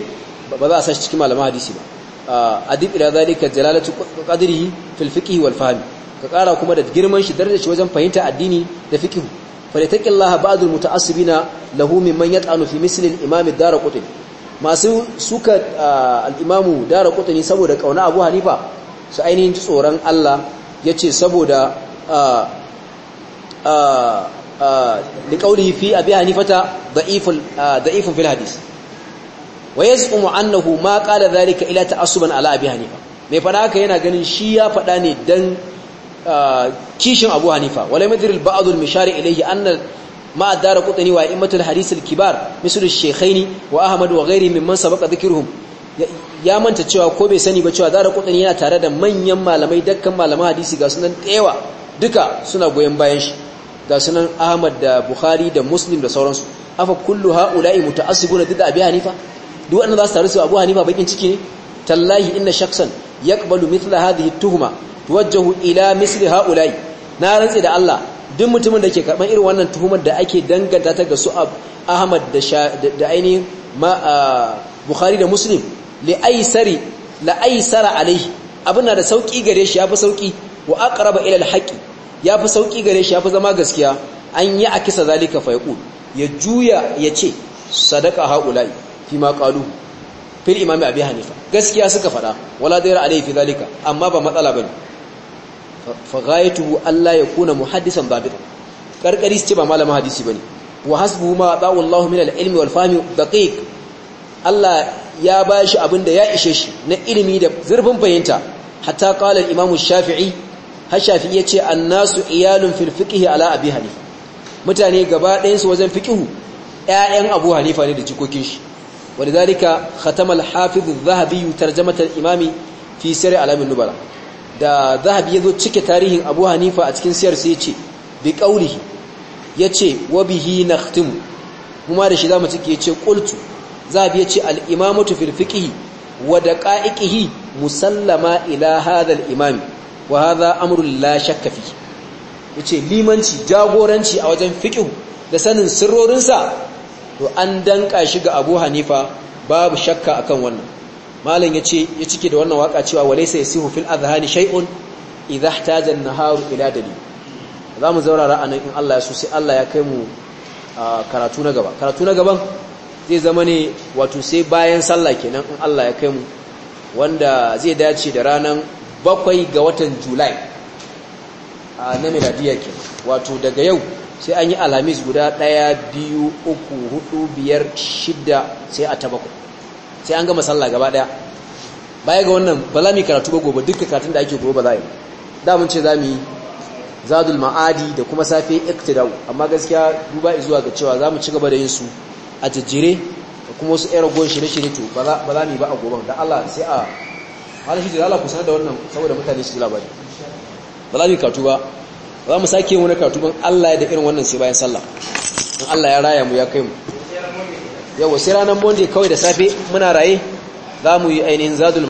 ba za a sashi cikin malama hadisi ba a duk ila ka jalalatu qadrihi filfiki walfahami ka kara kuma da girman shi daraja shi wajen fahimta addini da fikihu fa la taqillaha laha al muta'assibina lahu mimman yat'anu fi misl al imam ad masu suka al'imamu dara kutani saboda kauna abu hanifa su ainihin tsoron Allah ya ce saboda liƙauri fi abi hanifata da'ifin fil hadis wa ya umu annahu ma ƙada zarika ila ta'asuban ala abi hanifa mai fada haka yana ganin shi ya fada ne don kishin abu hanifa wale madirin ba'adul mishari ilaihi annar مع الدار قطني وأئمة الحديث الكبار مثل الشيخين وأحمد وغيره ممن سبق ذكرهم ya manta cewa ko bai sani ba cewa zara kudin yana tare da manyan malamai dakkan malaman hadisi ga sunan tsewa duka suna goyen bayan shi ga sunan Ahmad da Bukhari da Muslim da sauransu afa kullu haula'i muta'assibuna da Abi Hanifa duk wanda za su taru su Abu Hanifa bakin ciki ne tallahi inna shakhsan yaqbalu mithla hadhihi tuhuma tuwajjahu ila misli haula'i na rantsi da Allah duk mutumin da ke karban irin wannan tuhumar da ake danganta ta ga su ahmad da ainihin bukhari da muslim li'aisari la'aisara alaihi abin na da sauƙi gare shi ya fi sauƙi wa aqraba ila alhaqi ya fi sauƙi gare shi ya fi zama gaskiya an yi akisa zalika fa ya juya ya ce sadaka haula'i fi ma qalu fil imami abi hanifa gaskiya suka fada wala daira alai fi zalika amma ba matsala bane fa ghayatuhu alla yakuna muhaddisan babir karkari ce ba malama hadisi bane wa hasbu ma ta'u Allahu min al-ilmi wal fahmi daqiq Allah ya bashi abinda ya ishe shi na ilimi da zurfin fahimta hatta qala al-imam shafii har shafi'i yace annasu iyalun fil fiqhi ala abi hanifa mutane gaba ɗayan su wajen fiqhu ƴaƴan abu hanifa ne da jikokin shi ولذلك ختم الحافظ الذهبي ترجمة fi في سير أعلام nubala. da zahabi ya zo cike tarihin abu hanifa a cikin siyarsa ya ce bi ƙaunihi ya ce wabihi na kuma da shi za mu cike ya ce ƙultu zahabi ya ce al'imamatu filfiƙihi wa ƙa'iƙihi musallama ila hadal imami wa haza amurin la shakka fi ya ce limanci jagoranci a wajen fiƙihu da sanin sirrorinsa to an danƙa shi ga abu hanifa babu shakka akan wannan malam ya ce ya cike da wannan waka cewa wale sai yasihu fil azhani shay'un idha ihtaja an-naharu ila dali zamu zaurara anan in Allah ya so sai Allah ya kai mu karatu na gaba karatu na gaban zai zama ne wato sai bayan sallah kenan in Allah ya kai mu wanda zai dace da ranar bakwai ga watan july a na miladiya kenan wato daga yau sai an yi alhamis guda ɗaya biyu uku hudu biyar shida sai a ta sai an gama sallah gaba daya baya ga wannan ba za mu karatu ba gobe duk karatun da ake gobe ba za yi da mun ce za mu yi zadul ma'adi da kuma safe iktidau amma gaskiya duba zuwa ga cewa za mu ci gaba da yin su a jajjire da kuma wasu ɗaya ragowar shirye-shirye to ba za mu yi ba a gobe da Allah sai a halin shi da ala ku sanar da wannan saboda mutane su ji labari ba za mu yi karatu ba za mu sake wani karatu ban Allah ya da irin wannan sai bayan sallah in Allah ya raya mu ya kai mu yau sai ranar monday kawai da safe muna raye za mu yi ainihin zadul